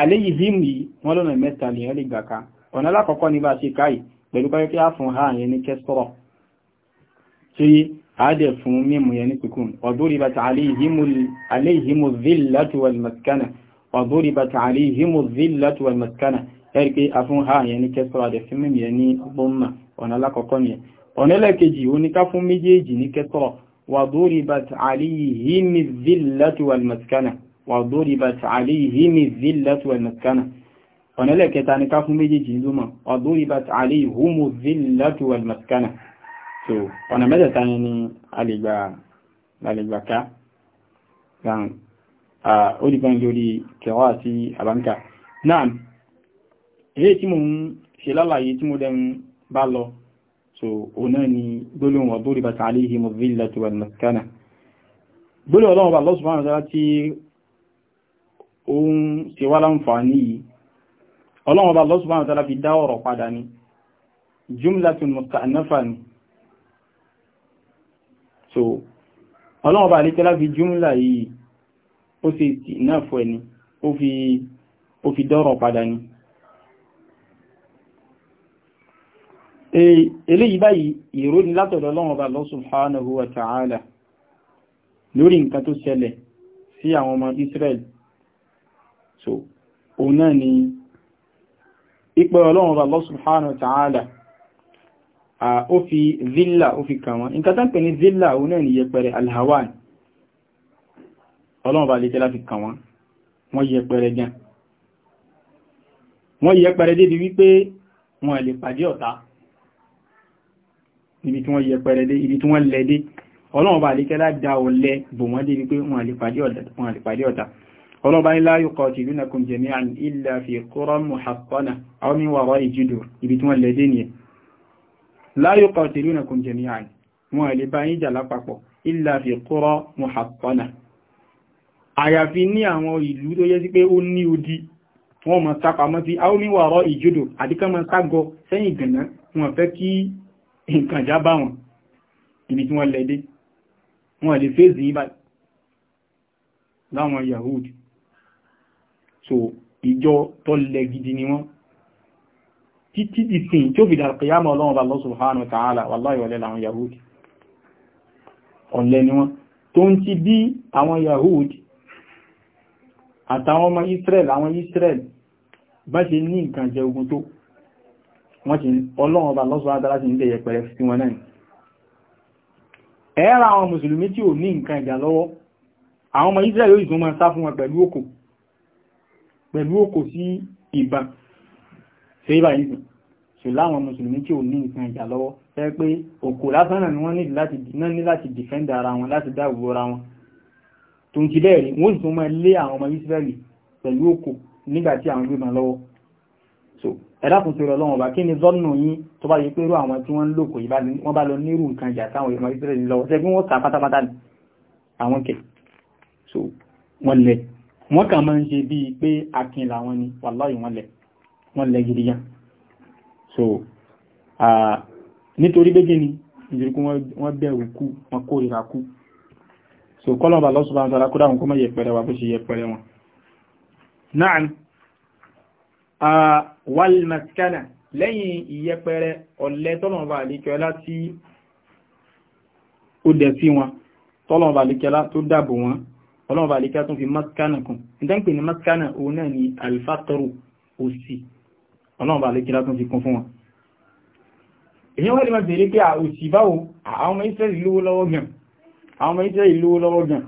àléyìí hìmù yìí wọ́n lọ́nà mẹ́ta lè yẹn lè gbà ká ọ̀nà alákọ̀ọ́kọ́ ní bá ṣe káyì pẹ̀lú pé kí á fún ha yẹn ní kẹsọ́rọ̀ tí a dẹ̀ fún mímú yẹn ní kùkùn ọ̀dọ́rìbà àléhìmù zílátù wàlmàskánà ọ̀dọ́rìbà àléhìmù zílátù wàlmàskánà ẹ̀rí pé a fún ha yẹn ní kẹsọ́rọ̀ àdẹ̀ fún mímú yẹn ní ọgbọ́n ọ̀nà alákọ̀ọ́kọ́ yẹn ọ̀nẹ́lẹ́kejì ó ní ká fún méjèèjì ní kẹtọ́ وضربت عليهم الذلة والمسكنة وضربت عليهم الذلة والمسكنة ọ̀nà lẹ́kẹta ni ká fún méjèèjì ló mọ̀ وضربت عليهم الذلة والمسكنة so ọ̀nà mẹ́tẹ̀ta ni ni alìgbàká ran olùgbọ́n lórí kẹwà àti àbánkà náà ilé tí mo ń ṣe lálàyé tí mo dẹ̀ ń bá so ọ̀nà ni gbólóhùn waduribat alayhimu dhillatu wal maskana gbólóhùn ọlọ́run bá Allah subhanahu wa ta'ala tí ó ń ṣe wá láǹfààní yìí ọlọ́run bá Allah subhanahu wa ta'ala fi dá ọ̀rọ̀ padà ní jumlatun musta'nafa ni so ọlọ́run eléyìí báyìí ìró ni látọ̀dọ̀ Ọlọ́run Ọba Allah subhanahu wa ta'ala lórí nǹkan tó ṣẹlẹ̀ sí àwọn ọmọ Israel so òun náà ni ipẹ́ Ọlọ́run Ọba Allah subhanahu wa ta'ala ó fi zilla ó fi kàn wọ́n nǹkan tán pè ní zilla òun náà ni yẹpẹrẹ débi wípé wọn lè pàdé ọ̀tá ibi tí wọ́n yẹ pẹ̀rẹ̀ dé ibi tí wọ́n lẹ dé ọlọ́run bá àlékẹ́ láda ọ̀lẹ bò wọ́n dé wípé wọn àlèpàdé ọ̀tá ọlọ́run bá ní la yuqatilunakum jami'an illa fi quran muhaqqana aw min wara'i judur ibi tí wọ́n lẹ dé nìyẹn la yuqatilunakum jami'an wọn àlè bá yín jà lápapọ̀ illa fi quran muhaqqana àyàfi ní àwọn ìlú tó yẹ sí pé ó wọ́n mọ̀ sápamọ́ sí aw min wara'i judur àdíkọ́ nǹkan já bá wọn ibi tí wọ́n lẹ́dé wọ́n lè fèsì yí báyìí láwọn yahood so ìjọ tó lẹ gidi ni wọ́n títí di sin tí ó fi dàkìyàmọ̀ ọlọ́run bá Allah subhanahu wa ta'ala wallahi wọlé láwọn yahood ọ̀lẹ ni wọ́n tó ń ti wọ́n ti ọlọ́run ọba lọ́sọ́ adára ti ń tẹ́ yẹpẹrẹ sí wọn náà ẹ̀ẹ́ra àwọn mùsùlùmí tí ò ní nǹkan ìjà lọ́wọ́ àwọn ọmọ Israẹli yóò ìsúnmọ́ sá fún wọn pẹ̀lú òkò pẹ̀lú òkò sí ìbọn ṣe ibà yìí ṣe láwọn mùsùlùmí tí ò ní nǹkan ìjà lọ́wọ́ fẹ́ pé òkò lásán náà ni wọ́n ní láti dìfẹ́ndà ara wọn láti dáàbò ara wọn tó ń ti lẹ́ẹ̀rí wọ́n sì tún máa lé àwọn ọmọ Israẹli pẹ̀lú òkò nígbà tí àwọn gbé ma lọ́wọ́ so ẹ̀dàkùn tó rọ̀lọ́wọ́ bá kí ni zọ́nù yín tó bá yẹ pé irú àwọn tí wọ́n ń lòkò wọ́n bá lọ nírú nǹkan ìjà táwọn ìmọ̀ ìsírẹ̀ lọ ṣe wọ́n ta pátápátá ni àwọn kẹ̀ so wọ́n lẹ̀ wọ́n kàn máa ń ṣe bíi pé akin làwọn ni wàláhì wọ́n lẹ̀ wọ́n lẹ̀ gidi gan so nítorí bẹ́gẹ́ ni nítorí pé wọ́n bẹ̀rù kú wọ́n kórìíra kú so kọ́lọ́ọ̀bà lọ́sùn bá ń sara kó dáhùn kó mọ̀ yẹpẹrẹ wa bó ṣe yẹpẹrẹ wọn. náà walmaskana lẹ́yìn ìyẹpẹrẹ ọ̀lẹ́ tọ́lọ̀mọba àlíkẹ́ọlá tí ó dẹ̀ sí wọn tọ́lọ̀mọba àlíkẹ́ọlá tó dàbò wọn ọlọ́mọba àlíkẹ́ọlá tó fi maskana kùn ìdánpè ní maskana òun náà ni alfatoru òsì ọlọ́mọba àlíkẹ́ọlá tó fi kún fún wọn èyí wọ́n lè máa bèèrè pé òsì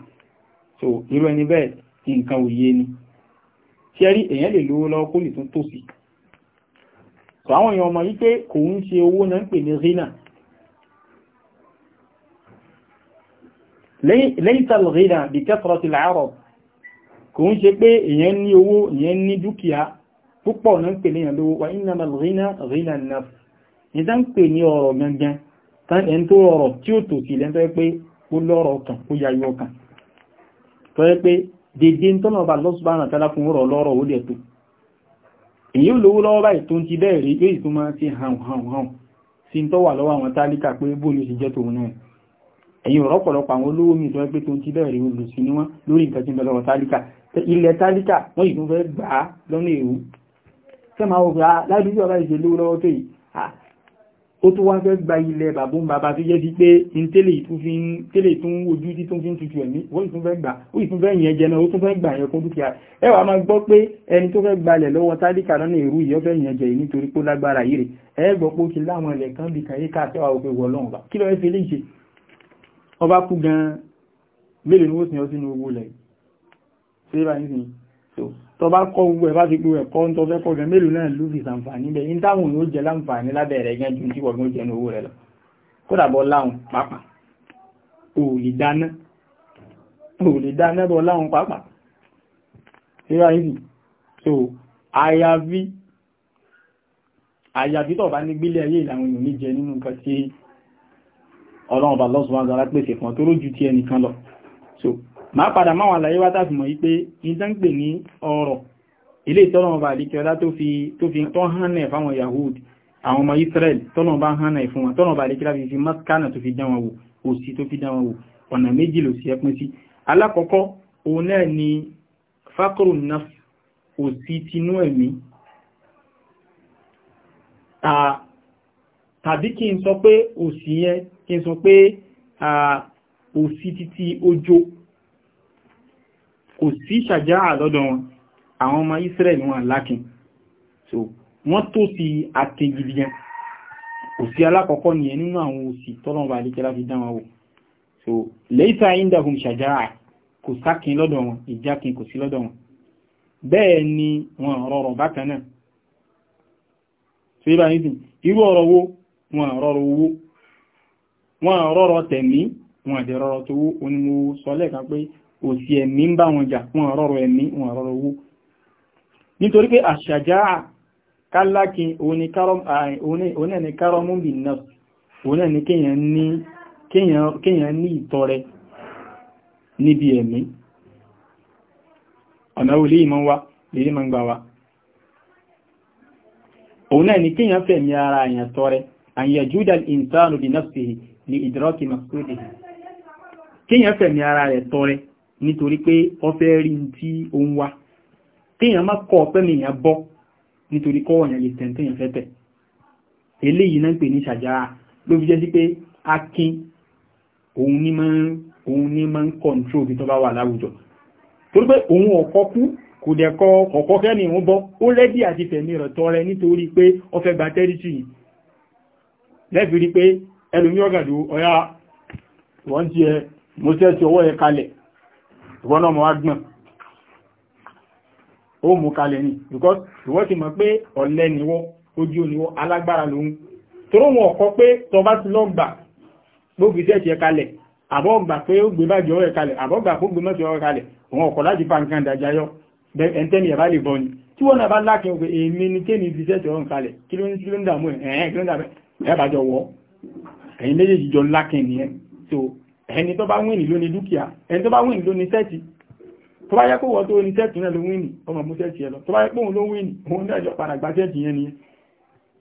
so irú ẹni bẹ́ẹ̀ tí ẹ rí èèyàn lè lówó lọ́wọ́ kó lè tún tòsí sọ àwọn èèyàn ọmọ wípé kò ń ṣe owó náà ń pè ní rina lẹ́yìntàl rina bí kẹsọ̀rọ̀ ti láàárọ̀ kò ń ṣe pé èèyàn ní owó èèyàn ní dúkìá púpọ̀ náà ń pè ní ìyàlówó wa innamal dédé tọ́lọ̀bà lọ́sùbáràn tálá fún rọ̀ lọ́rọ̀ ó dẹ̀ tó èyí lówó lọ́wọ́ báyìí tó ń ti bẹ́ẹ̀ rí yóò tún máa ti hàn hàn hàn sí tó wà lọ́wọ́ àwọn tálíkà pé bóòlù sì jẹ́ tòun náà ẹ̀yìn ọ̀rọ̀pọ̀lọpọ̀ àwọn olówó mi tọ́ pé tó ń ti bẹ́ẹ̀ rí olùsí ni wọ́n lórí nǹkan tí ń bẹ lọ́wọ́ tálíkà ilẹ̀ tálíkà wọ́n yìí tún fẹ́ gbà á lọ́nà èrú tẹ́ máa wọ́n pé ládùúgbò ọba ìṣèlú lọ́wọ́ ó tó wá fẹ́ gba ilẹ̀ bàbá bàbá tó jẹ́ sí pé n tẹ́lẹ̀ tún ojú tí tún fi ń tutù ẹ̀mí ó ìtún fẹ́ gbà ó ìtún fẹ́ yẹn jẹna ó tún fẹ́ gbà yẹn kún dúkìá ẹ wàá máa gbọ́ pé ẹni tó fẹ́ gbalẹ̀ lọ́wọ́ tálíkà lọ́nà èrú yìí ó fẹ́ yẹn jẹ nítorí pé lágbára yìí rè ẹ gbọ́ pé ó ti láwọn ilẹ̀ kan bìkan yìí ká tẹ́wàá òfin wọ̀ lọ́hùn kí ló fẹ́ lè ṣe ọba kú gan mélòó ni wọ́n sin ọ sínú owó lẹ̀ ṣé báyìí sìn so tó bá kọ́ gbogbo ẹ̀ bá ti gbogbo ẹ̀kọ́ ń tọ́fẹ́ kọ́ gẹ̀ mélòó náà ló fi sàǹfààní bẹ̀ ní táwọn yóò jẹ láǹfààní lábẹ́ rẹ̀ gẹ́ ju tí wọ́n jẹ ní owó rẹ̀ lọ kódà bọ́ láhùn pápá ò lè dáná ò lè so máa padà máa wà láyé wá tàbí mọ̀ wípé ìdánpè ní ọ̀rọ̀ ilé ìtọ́lọ̀mọba àríkẹ́ọlá tó fi tọ́ hánà fáwọn Yahud àwọn ọmọ Israel tọ́lọ̀mọba hánà ìfún wọn tọ́lọ̀mọba àríkẹ́lá fi fi maskana tó fi dánwà wò òsì tó fi dánwà wò ọ̀nà méjì ló sí ẹpin sí alákọ̀ọ́kọ́ òun náà ni fakru naf òsì tinú ẹ̀mí tàbí kí n sọ pé òsì yẹn kí n sọ pé òsì títí ọjọ́ kò sí ṣàjáà lọ́dọ̀ wọn àwọn ọmọ Israẹli wọn lákin so wọ́n tó sí àtẹ̀gìdìyàn òsì alákọ̀ọ́kọ́ nìyẹn nínú àwọn òsì tọ́lọ́wọ́ àdíkẹ́lá fi dáwọn wò so lẹ́yìntà indahum ṣàjáà kò sákin lọ́dọ̀ wọn ìjákin kò sí lọ́dọ̀ wọn bẹ́ẹ̀ ni wọn rọrọ̀ bákan náà so ibà ní sí irú ọ̀rọ̀ wo wọn rọrọ̀ owó wọn rọrọ̀ tẹ̀mí wọn àdẹ̀rọ̀rọ̀ tó òsì ẹ̀mí ń bá wọn jà wọn rọrọ̀ ẹ̀mí wọn rọrọ̀ owó nítorí pé àṣàjá kálákin onẹ́ni kárọmú bì náà onẹ́ni kéèyàn ní ìtọrẹ níbi ẹ̀mí ọ̀nà olè ìmọ̀ wa lèrí ma ń gbà kíyàn ara ara nítorí pé wọ́n fẹ́ rí tí ó ń wá téèyàn má kọ́ ọpẹ́ mi èèyàn bọ́ nítorí kọ́ ọ̀yàn lè tẹ̀ǹtẹ̀yàn fẹ́ tẹ̀ eléyìí náà ń pè ní ṣàjára ló fi jẹ́ sí pé akin òun ní máa ń òun ní máa ń kọ̀ǹtró bí tó bá wà láwùjọ torí pé òun ọ̀kọ́ kú kò dẹ̀ kọ ọ̀kọ́ kẹ́ni òun bọ́ ó rẹ́dí àti fẹ̀mí rẹ̀ tọ́ rẹ nítorí pé ó gba tẹ́rítì yìí lẹ́fi rí pé ẹlòmí ọ̀gàdù wọ́n ti ẹ mo tẹ́ ti ọwọ́ yẹ kalẹ̀ ìwọ́n náà mọ́ wá gbọ́n ó mú kalẹ̀ ní because ìwọ́n ti mọ̀ pé ọ̀lẹ niwọ́ ojú oníwọ́ alágbára lòun tóró wọn ọ̀kọ́ pé tọba ti lọ gbà gbóbi tẹ́ẹ̀tì ẹ kalẹ̀ àbọ̀ gbà pé ó gbé bájọ́ ẹ kalẹ̀ àbọ̀ gbà pé ó gbé mọ́sọ̀ ẹ kalẹ̀ òun ọ̀kọ̀ láti fa nǹkan dàjayọ́ ẹ̀ntẹ́ni ẹ̀bá lè bọ́ ni tí wọ́n náà bá lákin òkè èmi ni tẹ́ni fi tẹ́ẹ̀tì ọ̀run kalẹ̀ kí ló ń dààmú ẹ̀ ẹ̀ẹ́ kí ló ń dààmú ẹ̀ bàjọ́ wọ́ ẹ̀yin méjèèjì jọ lákin nìyẹn so ẹni tó bá wìnì ló ní dúkìá ẹni tó bá wìnì ló ní sẹ́ẹ̀tì tó bá yẹ kó wọ́n tó ní sẹ́ẹ̀tì náà ló wìnì ọmọ mú sẹ́ẹ̀tì ẹ lọ tó bá yẹ pé òun ló wìnì òun náà jọ padà gba sẹ́ẹ̀tì yẹn ni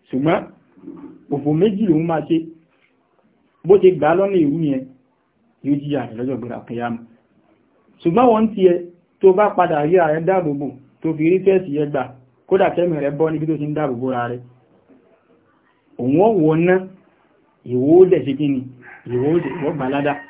ṣùgbọ́n òfò méjì lòun máa ṣe bó ṣe gbà lọ́nà ìrú yẹn yóò jíyà rẹ̀ lọ́jọ́ gbọ́dọ̀ kẹyàmù ṣùgbọ́n wọ́n ti ẹ tó bá padà rí ààrẹ dáàbòbò tó fi rí tẹ́ẹ̀sì yẹ gbà kódà tẹ́mì rẹ̀ bọ́ níbi tó ti ń dáàbòbò ra rẹ̀ òun ó ná ìwó ó dẹ̀ ṣe kí ni ìwó ó dẹ̀ wọ́n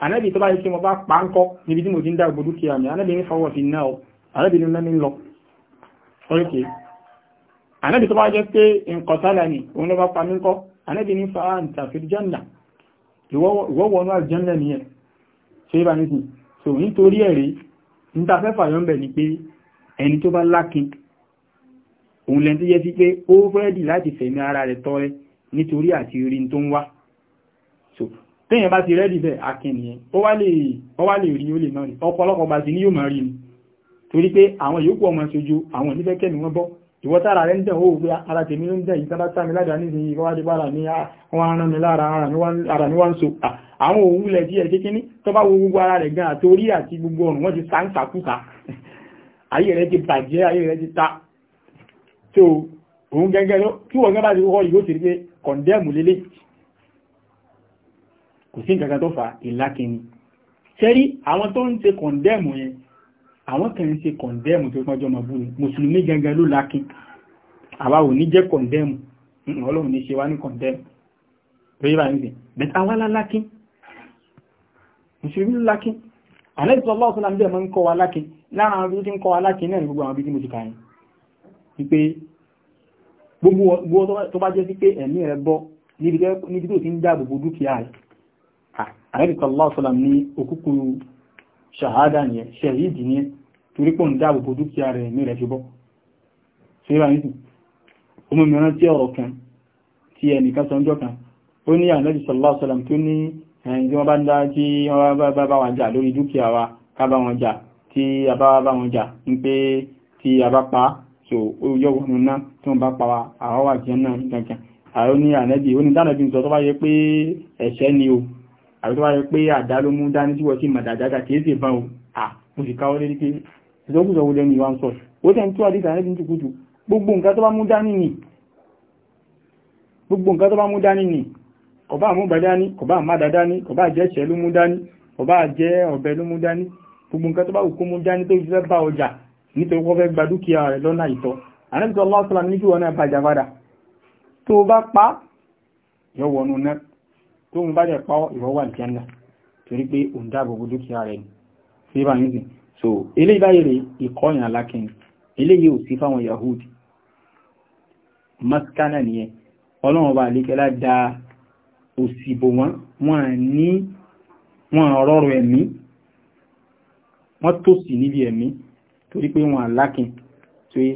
anábì tó bá yẹ kí wọ́n bá pa ń kọ́ níbi tí mo ti ń dàgbò dúkìá mi anábì ní fọwọ́ fi náà anábì ní lẹ́ni lọ oríkè anábì tó bá jẹ́ pé nǹkan sálà ni òun ló bá pa mí kọ́ anábì ní fa àǹtàfíì jẹ́nà ìwọ́wọ́nú àjẹ́nà nìyẹn ṣe é bá ní sìn so nítorí ẹ̀rí níta fẹ́fà yọ́ bẹ̀ ni pé ẹni tó bá lákin òun lẹ́ni tó yẹ sí pé ó fẹ́ dì láti fẹ̀mí ara rẹ̀ tọrẹ nítorí àti orin tó ń wá téèyàn bá ti rẹ́dì bẹ́ẹ̀ akẹniyàn ó wá lè rí ó lè máa rí ọ̀pọ̀lọpọ̀ bá ti ní yóò máa rí ni torí pé àwọn yòókù ọmọ ṣojú àwọn onífẹ́ kẹ́mi wọ́n bọ́ ìwọ tára rẹ̀ ń dẹ̀ òwò pé ara tèmi ló ń dẹ̀ ìtàn bá tá mi ládàá nísìnyí ìwọ́n adé bára ní àwọn aràn mi lára ara mi [LAUGHS] kò sí nǹkan tó fa ìlákíní sẹ́rí àwọn tó ń ṣe kọ̀ndẹ́mù yẹn àwọn kan ń ṣe kọ̀ndẹ́mù tó pọ́jọ́ ọmọ bú ni mùsùlùmí gangan ló lákín àwa ò ní jẹ́ kọ̀ndẹ́mù ọlọ́run ní ṣe wá ní kọ̀ndẹ́mù tó yíra ní sìn bẹ̀tẹ̀ àwa lálákín mùsùlùmí ló lákín àlẹ́sì ọlọ́run tó lámdẹ́ máa ń gbogbo àwọn tó bá jẹ́ sí pé ẹ̀mí rẹ̀ bọ́ níbi tó ti ń dáàbò bo dúkìá rẹ̀ àrẹ́bìtọ̀ aláwọ̀sọ́lá ní òkúkú ṣàhádà nìyẹn ṣẹ̀yìdì nìyẹn torí pọ̀ ń dáàbò bo dúkìá rẹ̀ ní rẹ̀ fi bọ́ ṣe rà nìsìn ọmọ mìíràn tí ọ̀rọ̀ kan tí ẹnìkan sọ ọjọ́ kan ó ní ànábì sallallahu alaihi wasallam tó ní ẹ̀yìn tí wọ́n bá ń dá tí wọ́n bá wọn jà lórí dúkìá wa ká bá wọn jà tí a bá àrùtọ́ wáyé pé àdá ló mú dání tí wọ́n ti mọ̀ dáadáa kìí sì fán o à mo sì káwọ́ lérí pé ìsọkúsọ wo lẹ́nu ìwà ń sọ ó tẹ́ ń tó àdíkà ní tukutu gbogbo nǹkan tó bá mú dání ni gbogbo nǹkan tó bá mú dání ni ọba àmúgbà dání ọba àmàdà dání ọba àjẹ́ ẹ̀ṣẹ́ ló mú dání ọba àjẹ́ ọ̀bẹ ló mú dání gbogbo nǹkan tó bá wù kó mú dání tó fẹ́ bá ọjà nítorí wọ́n fẹ́ gba dúkìá rẹ̀ lọ́nà ìtọ́ àrẹ́bìtọ́ lọ́sọ̀lá ní kí wọn náà bàjá padà tó bá pa yọ náà tó ń bá dẹ̀ pa ìwọ́ wà ní kíánà torí pé òun dáàbò bo dúkìá rẹ̀ ni sí bá ń sìn so eléyìí báyìí rè ìkọyàn alákin eléyìí ò sí fáwọn Yahudi maskana nìyẹn ọlọ́run bá àlékẹ́lá da òsìbò wọn wọn ní wọn rọrùn ẹ̀mí wọ́n tó sì níbi ẹ̀mí torí pé wọn alákin tó yé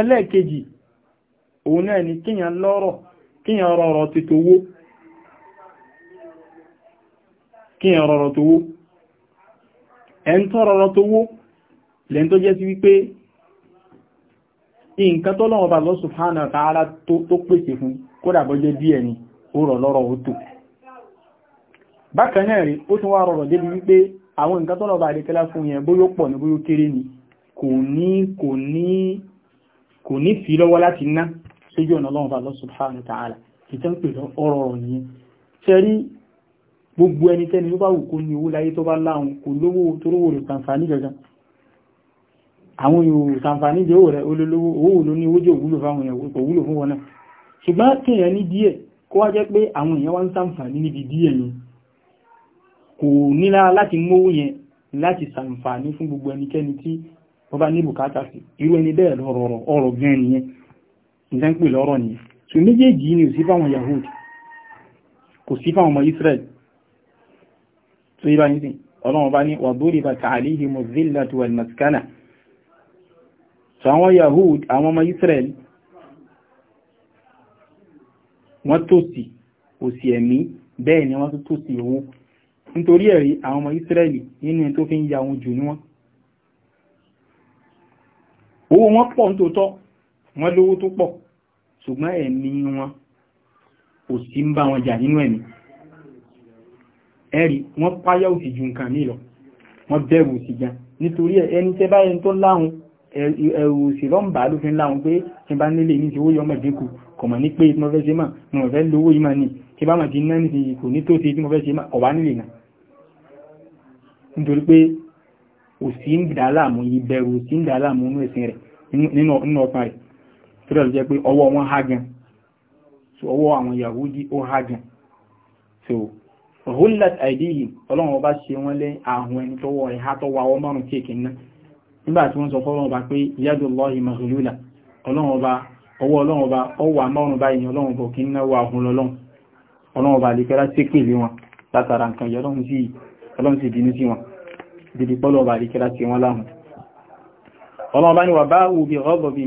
ẹlẹ́ẹ̀kejì òun náà ni kíyàn lọ́rọ̀ kíyàn rọrọ̀ ti tówó kíyàn rọrọ̀ tówó ẹn tó rọrọ̀ tówó lẹ́n tó jẹ́ sí wípé nǹkan tó lọ́wọ́ bá lọ́sù hánà tààrà tó pèsè fún kódà bọ́ jẹ́ díẹ̀ ni ó rọ̀ lọ́rọ̀ ó tò bákan náà rí ó tún wá rọrọ̀ débi wípé àwọn nǹkan tó lọ́wọ́ bá àdékẹ́lá fún yẹn bóyó pọ̀ ní bóyó kéré ni kò ní kò ní kò ní sí lọ́wọ́ láti ná sójú ọ̀nà ọlọ́run bá lọ́sùn subhanahu wa ta'ala ìtẹ́ ń pè lọ ọ̀rọ̀ ọ̀rọ̀ nìyẹn ṣe rí gbogbo ẹnikẹ́ni ló bá wù kó ní owó láyé tó bá láhùn kò lówó torówó rẹ̀ sàǹfààní gangan àwọn yòó sàǹfààní jẹ́ owó rẹ̀ olólówó owó ló ní owó jẹ́ òwúlò fáwọn èèyàn kò wúlò fún wọn náà ṣùgbọ́n tí èèyàn ní díẹ̀ bùkátà sí irú ẹni bẹ́ẹ̀ lọ́rọ̀ ọ̀rọ̀ gan nìyẹn nǹkan pè lọ́rọ̀ ni so méjèèjì ni ò sí fáwọn Yahud kò sí fáwọn ọmọ Israel tó yíba ní sí ọlọ́run bá ní wàdúrí bá tààlìhì mọ̀zílá tó wàl maskana so àwọn Yahud àwọn ọmọ Israel wọ́n tòsí òsì ẹ̀mí bẹ́ẹ̀ ni wọ́n tòsí owó nítorí ẹ̀rí àwọn ọmọ Israeli nínú tó fi ń ya wọn jù ní wọn owó wọn pọ̀ nítòótọ́ wọ́n lówó tó pọ̀ ṣùgbọ́n ẹ̀mí wọn kò sí ń bá wọn jà nínú ẹ̀mí ẹ̀rí wọ́n páyà òsì ju nǹkan ní lọ wọ́n bẹ̀rù òsì gan nítorí ẹni tẹ́ bá ẹni tó láhun ẹ̀rù òsì lọ́mbà ló fi ń láhun pé tí bá nílé ní ti owó yọmọ̀ dínkù kọ̀mọ̀ ní pé tí mo fẹ́ ṣe máa mo fẹ́ lówó ọkàn rẹ̀ tíra lè jẹ́ pé ọwọ́ wọn há gan so ọwọ́ àwọn Yahudi ó há gan so hullat aidihi ọlọ́run ọba ṣe wọ́n lé àhùn ẹni tọwọ́ ẹ̀ há tọwọ́ àwọn márùn kéèkì ná nígbà tí wọ́n sọ fọ́lọ́run ọba pé yadullahi ọlọ́run ọba ni wà bá wù bí ghadabi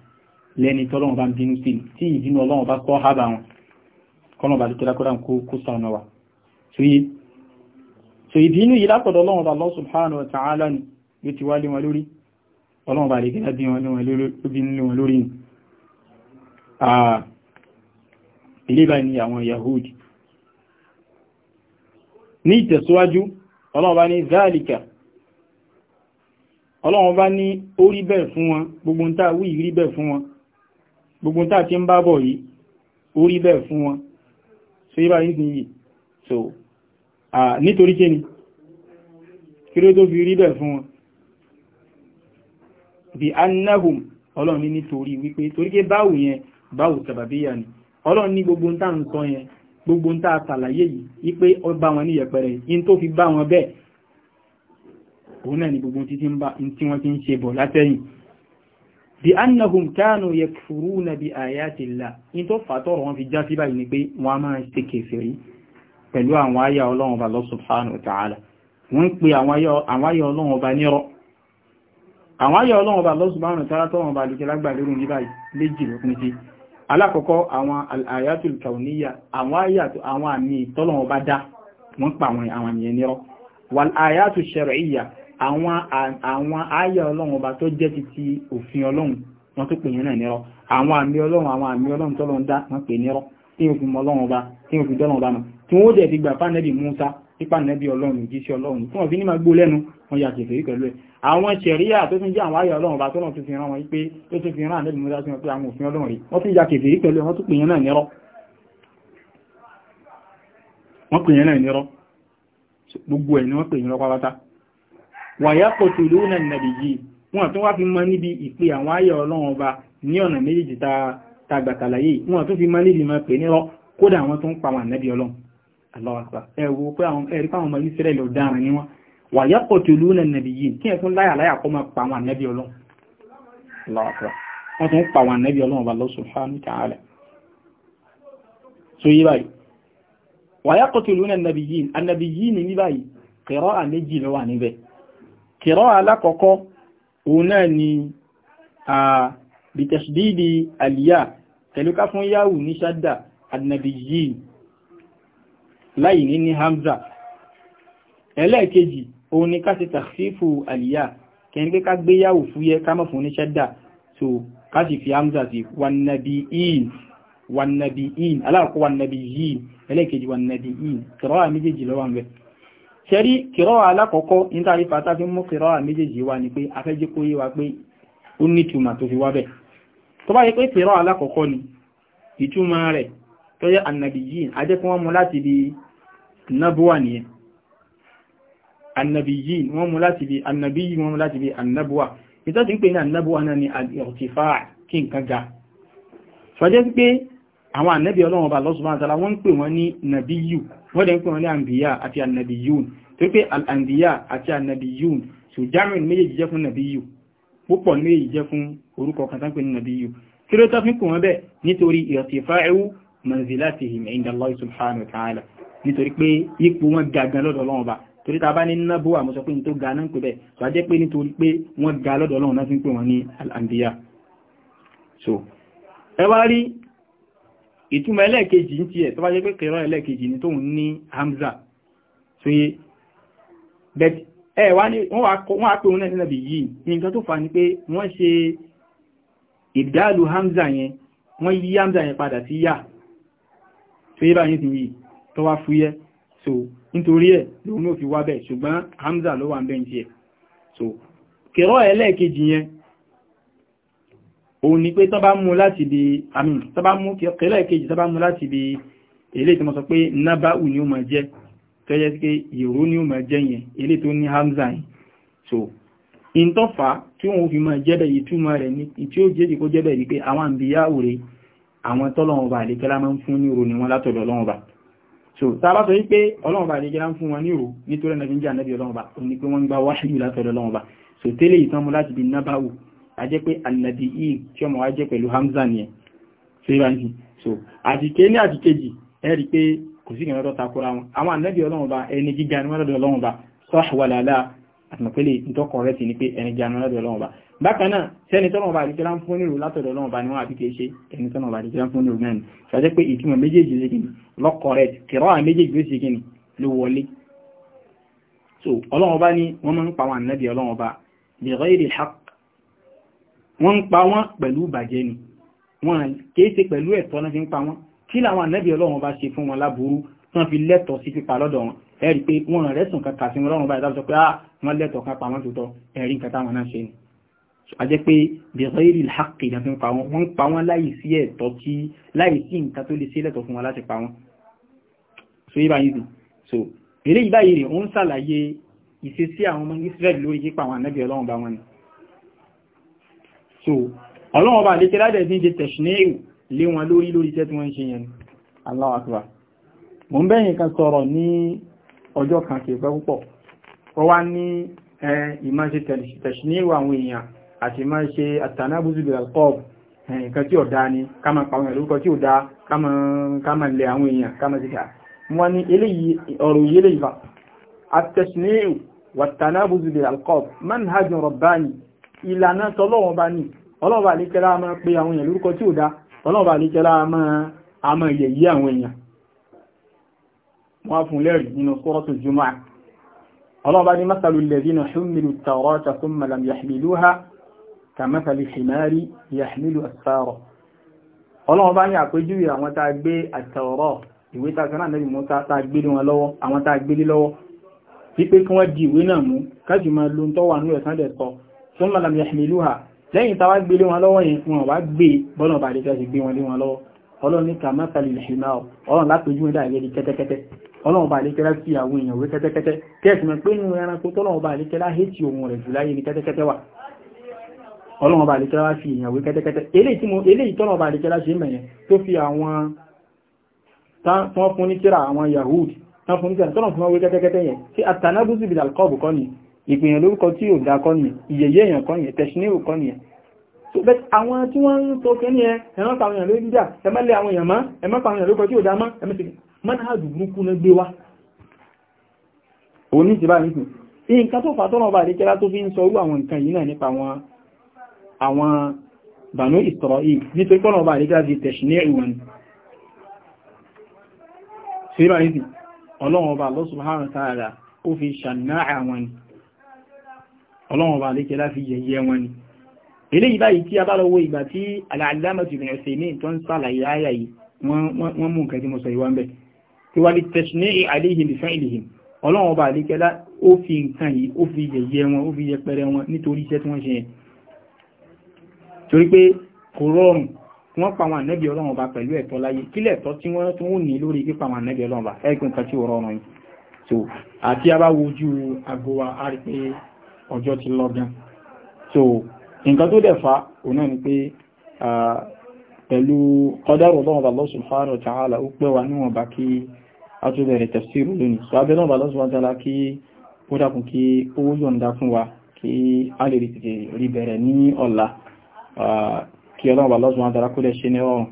lẹ́ni tọ́lọ́wọ́n bá ń bínú sí tí ìbínú ọlọ́wọ́n bá kọ́ hábà wọn kọ́lọ̀ bá lùkẹ́lá kọ́lá kó sànà wà so ìbínú yìí látọ̀dọ̀ ọlọ́wọ́n bá Allah subhanahu wa ta'ala ni ló ti wálé wọn lórí ọlọ́wọ́n bá lùkẹ́lá bí wọn lé wọn lórí ilé bá ní àwọn Yahudi ní ìtẹ̀síwájú ọlọ́wọ́n bá ní zálìkà ọlọ́wọ́n bá ní bẹ́ẹ̀ fún wọn gbogbo ń tàà wí rí bẹ́ẹ̀ fún wọn gbogbo tá ti ń bábọ̀ yìí ó rí bẹ́ẹ̀ fún wọn so yíba yìí sí yìí so nítorí kí ni kí ló tó fi rí bẹ́ẹ̀ fún wọn bí annahum ọlọ́run ní nítorí wípé torí pé báwù yẹn báwù tàbàbíyà ni ọlọ́run ní gbogbo tá ń sọ yẹn gbogbo tá a tàlàyé yìí wípé ó wọn ní yẹpẹrẹ yìí tó fi bá wọn bẹ́ẹ̀ òun náà ni gbogbo títí ń bá tí wọ́n ti ń ṣe bọ̀ látẹ̀yìn bí annahum kánù yakfuruna bí ayati Allah in tó fàtọ́rọ̀ wọn fi já sí báyìí ni pé wọ́n máa ń ṣe kèfèrí pẹ̀lú àwọn ayá ọlọ́run ọba Allah subhanahu wa ta'ala wọ́n ń pe àwọn ayá ọlọ́run ọba nírọ́ àwọn ayá ọlọ́run ọba Allah subhanahu wa ní báyìí méjì ló àwọn àwọn àyà ọlọ́run ọba tó jẹ́ ti ti òfin ọlọ́run wọ́n tó pè yẹn náà nírọ́ àwọn àmì ọlọ́run àwọn àmì ọlọ́run tó lọ́n dá wọ́n pè nírọ́ tí wọ́n fi mọ ọlọ́run ọba tí wọ́n fi dọ́lọ́run ọba náà tí wọ́n dẹ̀ ti gbà fánẹ́bì Musa nípa nẹ́bí ọlọ́run jí sí ọlọ́run tí wọ́n fi ní máa gbó lẹ́nu wọn yà kẹfẹ́ rí pẹ̀lú ẹ̀ àwọn ṣẹ̀ríyà tó tún jẹ́ àwọn ayọ̀ ọlọ́run ọba tó fi ran wọn pé tó tún fi ran àdẹ́bì Musa sí wọn pé àwọn òfin ọlọ́run rí wọ́n tún yà kẹfẹ́ pẹ̀lú ẹ̀ wọ́n pè yẹn náà nírọ́ wọ́n pè yẹn náà nírọ́ gbogbo ẹ̀ ni wọ́n pè yẹn lọ́pàá pátá wa yaqtuluna an-nabiyyin wọ́n tún wá fi mọ́ níbi ìpè àwọn ayẹ̀ ọlọ́run ọba ní ọ̀nà méjèèjì tagbàtàlà yìí wọ́n tún fi mọ́ níbi mọ́ pè nírọ́ kódà àwọn tó ń pa wọn nẹ́bí ọlọ́run Allahu akbar ẹ wo pé àwọn ẹ̀rí pé àwọn ọmọ Israẹli ọ̀daràn ni wọ́n wa yaqtuluna an-nabiyyin kí ẹ tún láyà láyà kó máa pa wọn nẹ́bí ọlọ́run Allahu kìrọ́ alákọ̀ọ́kọ́ òun náà ni a bitashdidi aliya pẹ̀lú ká fún yáwù ní ṣádà adnabiyi láì ní ní hamza ẹlẹ́ẹ̀kejì òun ni ká ṣe tàfífù aliya kẹ́ni pé ká gbé yáwù fúyẹ́ ká mọ̀ fún ní ṣádà so ká sì fi hamza sí wannabiyin wannabiyin aláàkọ́ wannabiyin ẹlẹ́ẹ̀kejì wannabiyin kìrọ́ àmì ṣẹ́rí kìrọ́ alákọ̀ọ́kọ́ nítorí fata fi mú kìrọ́ méjèèjì wá ní pé afẹ́jẹ́ kó yé wa pé ó ní ìtumà tó fi wá bẹ̀ tó bá yẹ pé kìrọ́ alákọ̀ọ́kọ́ ni ìtumà rẹ̀ tó yẹ annabiyin ajẹ́ kí wọ́n mú láti bí nabuwa nìyẹn ni al-irtifa' kí nǹkan ga fọ́jẹ́ àwọn ànẹ́bí ọlọ́run ọba Allah subhanahu wa ta'ala wọ́n ń pè wọ́n ní nàbíyù wọ́n dẹ̀ ń pè wọ́n ní àǹbíyà àti ànàbíyùn tó pé àǹbíyà àti ànàbíyùn so jamin méjèèjì jẹ́ fún nàbíyù púpọ̀ ní méjèèjì jẹ́ fún orúkọ kan tán pè ní nàbíyù kí ló tán fi pè wọ́n bẹ́ẹ̀ nítorí irtifa'u manzilatihim inda Allah subhanahu wa ta'ala nítorí pé ipò wọn ga gan lọ́dọ̀ ọlọ́run ọba torí ta rí ìtumọ̀ ẹlẹ́ẹ̀kejì ń tiẹ̀ tó bá jẹ́ pé kẹrọ ẹlẹ́ẹ̀kejì ní tóun ní hamza sóyé bet ẹ wá ní wọ́n á pé òun náà níbi yìí nǹkan tó fà ní pé wọ́n ṣe ìdálù hamza yẹn wọ́n yí hamza yẹn padà sí yá sóyé báyìí ti yìí tó wá fúyẹ́ so nítorí ẹ̀ lòun náà fi wá bẹ̀ ṣùgbọ́n hamza ló wà ń bẹ́ ń tiẹ̀ so kẹrọ ẹlẹ́ẹ̀kejì yẹn òun ni pé tán bá mú láti bí àmì tán bá mú kẹlẹ̀ kejì tán bá mú láti bí ilé tí mo sọ pé nábáù ni ó máa jẹ́ tó yẹ pé ìró ni ó máa jẹ́ yẹn ilé tó ní hamza so in tó fa tí wọ́n fi máa jẹ́bẹ̀ ìtumọ̀ rẹ̀ ní tí ó jẹ́ kó jẹ́bẹ̀ ní pé àwọn àǹbíyá òre àwọn tọ́lọ́wọ́n bá lè máa ń fún ní ìró so tá a bá sọ wípé ọlọ́wọ́n bá lè kẹ́lá ń fún wọn ni pé wọ́n ń gba wáṣíyù látọ̀dọ̀ ọlọ́wọ́n bá so tẹ́lẹ̀ a jẹ́ pé ànàbí yìí tí ọmọ wa pẹ̀lú hamza ni ẹ̀ ṣe bá ní so àtìké ní àtìkéjì ẹ rí pé kò sí ìrìnàjò takora wọn àwọn ànàbí ọlọ́run ba ẹni gíga ni wọ́n lọ́dọ̀ ọlọ́run ba sọ́ọ̀wàlálà àtìmọ̀pẹ́lẹ̀ ìtọ́kọ̀ rẹ̀ sì ni pé ẹni gíga ni wọ́n lọ́dọ̀ ọlọ́run ba bákan náà sẹ́ni tọ́nà ọba àdìkẹ́lá ń fún nírò látọ̀dọ̀ ọlọ́run ọba ni wọ́n àti kìí ṣe ẹni tọ́nà ọba àdìkẹ́lá ń so ọlọ́run ọba ni wọ́n máa ń pa àwọn ànábì bi ghairi haqq wọ́n ń pa wọ́n pẹ̀lú ìbàjẹ́ ni wọ́n kéése pẹ̀lú ẹ̀tọ́ náà fi ń pa wọ́n kí làwọn ànábì ọlọ́run bá ṣe fún wọn láburú tán fi lẹ́tọ̀ sí pípa lọ́dọ̀ wọn ẹ̀rí pé wọ́n rẹ̀ sùn kàkà sí wọn lọ́rùn pé ah, wọ́n lẹ́tọ̀ ká pa wọ́n tuntun ẹ̀rí nǹkan táwọn náà ṣe ni a jẹ́ pé bẹ̀rẹ̀rì láàkì ìdá ń pa wọn wọ́n ń pa wọn láì sí ẹ̀tọ́ tí láì sí nǹkan tó lè ṣe lẹ́tọ̀ fún wọn láti pa wọn so yí báyìí dì so eléyìí báyìí rè ń ṣàlàyé ìṣesí àwọn ọmọ Israẹli lórí pípa àwọn ànábì ọlọ́run bá wọn ni so ọlọ́wọ́ bá lékẹ́ ládẹ̀ sí ṣe tẹ̀ṣìnẹ́rù lé wọn lórí lórí iṣẹ́ tí wọ́n ń ṣe yẹn Allahu Akbar mo ń bẹ́yìn kan sọ̀rọ̀ ní ọjọ́ kan kì í pẹ́ púpọ̀ wọ́n wá ní ìmọ̀ ṣe tẹ̀ṣìnẹ́rù àwọn èèyàn àti máa ṣe àtànábùsù bẹ̀rẹ̀ pọ́ọ̀b nǹkan tí àwọn èèyàn ìlànà tọ́lọ́wọ́n bá ní ọlọ́wọ́ bá lékẹ́lá a máa pe àwọn èèyàn lórúkọ tí ò dá ọlọ́wọ́ bá lékẹ́lá a máa yẹ̀ yí àwọn èèyàn wọ́n fún lẹ́rì nínú suratul Jumu'ah ọlọ́wọ́ bá ní masalul ladhina hummilu at-taurata thumma lam yahmiluha kamathali himari yahmilu asfara ọlọ́wọ́ bá ní àpéjúwe àwọn tá a gbé àtàwọ̀rọ̀ ìwé tàbí kí wọ́n di ìwé náà mú kájú máa lo ń tọ́wà ní ẹ̀sán dẹ̀ sọ thumma lam yahmiluha lẹ́yìn tàwà gbé lé wọn lọ́wọ́ yẹn wọn wá gbé bọ́lọ̀ bá lè fẹ́ gbé wọn lé wọn lọ́wọ́ ọlọ́run ní kàmátàlì ìṣìnà ọlọ́run látòjú ẹ̀dà ìrẹ́dì kẹ́tẹ́kẹ́tẹ́ ọlọ́run bá lè kẹ́lá sí àwọn èèyàn wé kẹ́tẹ́kẹ́tẹ́ kẹ́ẹ̀sì mọ̀ pé nínú ẹranko tọ́lọ́run bá lè kẹ́lá hétí ohun rẹ̀ jù láyé ní kẹ́tẹ́kẹ́tẹ́ wà ọlọ́run bá lè kẹ́lá wá fi èèyàn wé kẹ́tẹ́kẹ́tẹ́ eléyìí tọ́lọ́run bá lè kẹ́lá ṣe mẹ̀yẹn tó fi àwọn tán fún ní kíra àwọn Yahudi tán fún ní kíra kọ́ ni ìpìyàn lórúkọ tí ò dá kọ́ nìyẹn ìyẹ̀yẹ́ èèyàn kọ́ nìyẹn tẹ̀síníwò kọ́ nìyẹn but àwọn tí wọ́n ń tó kẹ́ ní ẹ ẹ̀rọ pa àwọn èèyàn lórí jíjà ẹ mẹ́lẹ̀ àwọn èèyàn mọ́ ẹ mọ́ pa àwọn èèyàn lórúkọ tí ò dá mọ́ ẹ mẹ́sì mọ́nàájú burúkú ní gbé wá òun ní ìsìnbá nìkù nǹkan tó fà tọ́nà ọba fi ń àwọn nǹkan ọlọ́run ọba àlékẹ́ láfi yẹ̀yẹ́ wọn ni eléyìí báyìí tí a bá lọ wo ìgbà tí aláàlámọ̀tì ìbìnrin ọ̀sẹ̀ ní tó ń sàlàyé ayà yìí wọ́n mú nǹkan tí mo sọ ìwà ń bẹ̀ tí wà ní tẹ̀sùní àléhìn lè fẹ́ ìlèhìn ọlọ́run ọba àlékẹ́lá ó fi nǹkan yìí ó fi yẹ̀yẹ́ wọn ó fi yẹpẹrẹ wọn nítorí iṣẹ́ tí wọ́n ṣe yẹn torí pé kò rọrùn tí wọ́n pa àwọn ànẹ́bí ọlọ́run ọba pẹ̀lú ẹ̀tọ́ láyé kílẹ̀ ẹ̀tọ́ tí wọ́n tún ní lórí pípa àwọn ànẹ́bí ọlọ́run ọba ẹ̀gbọ́n kan tí ò rọrùn yìí so àti abáwojú àgbo wa a ọjọ́ ti lọ so nǹkan tó dẹ̀ fa òun náà ni pé pẹ̀lú qadaru Allah subhanahu wa ta'ala ó pẹ́ wa níwọ̀nba kí so abẹ́ náà Allah subhanahu wa ta'ala kí ó dákun kí ó yọ̀ǹda fún wa kí a lè tètè ọlọ́run Allah subhanahu wa ta'ala kó lè ní ọ̀run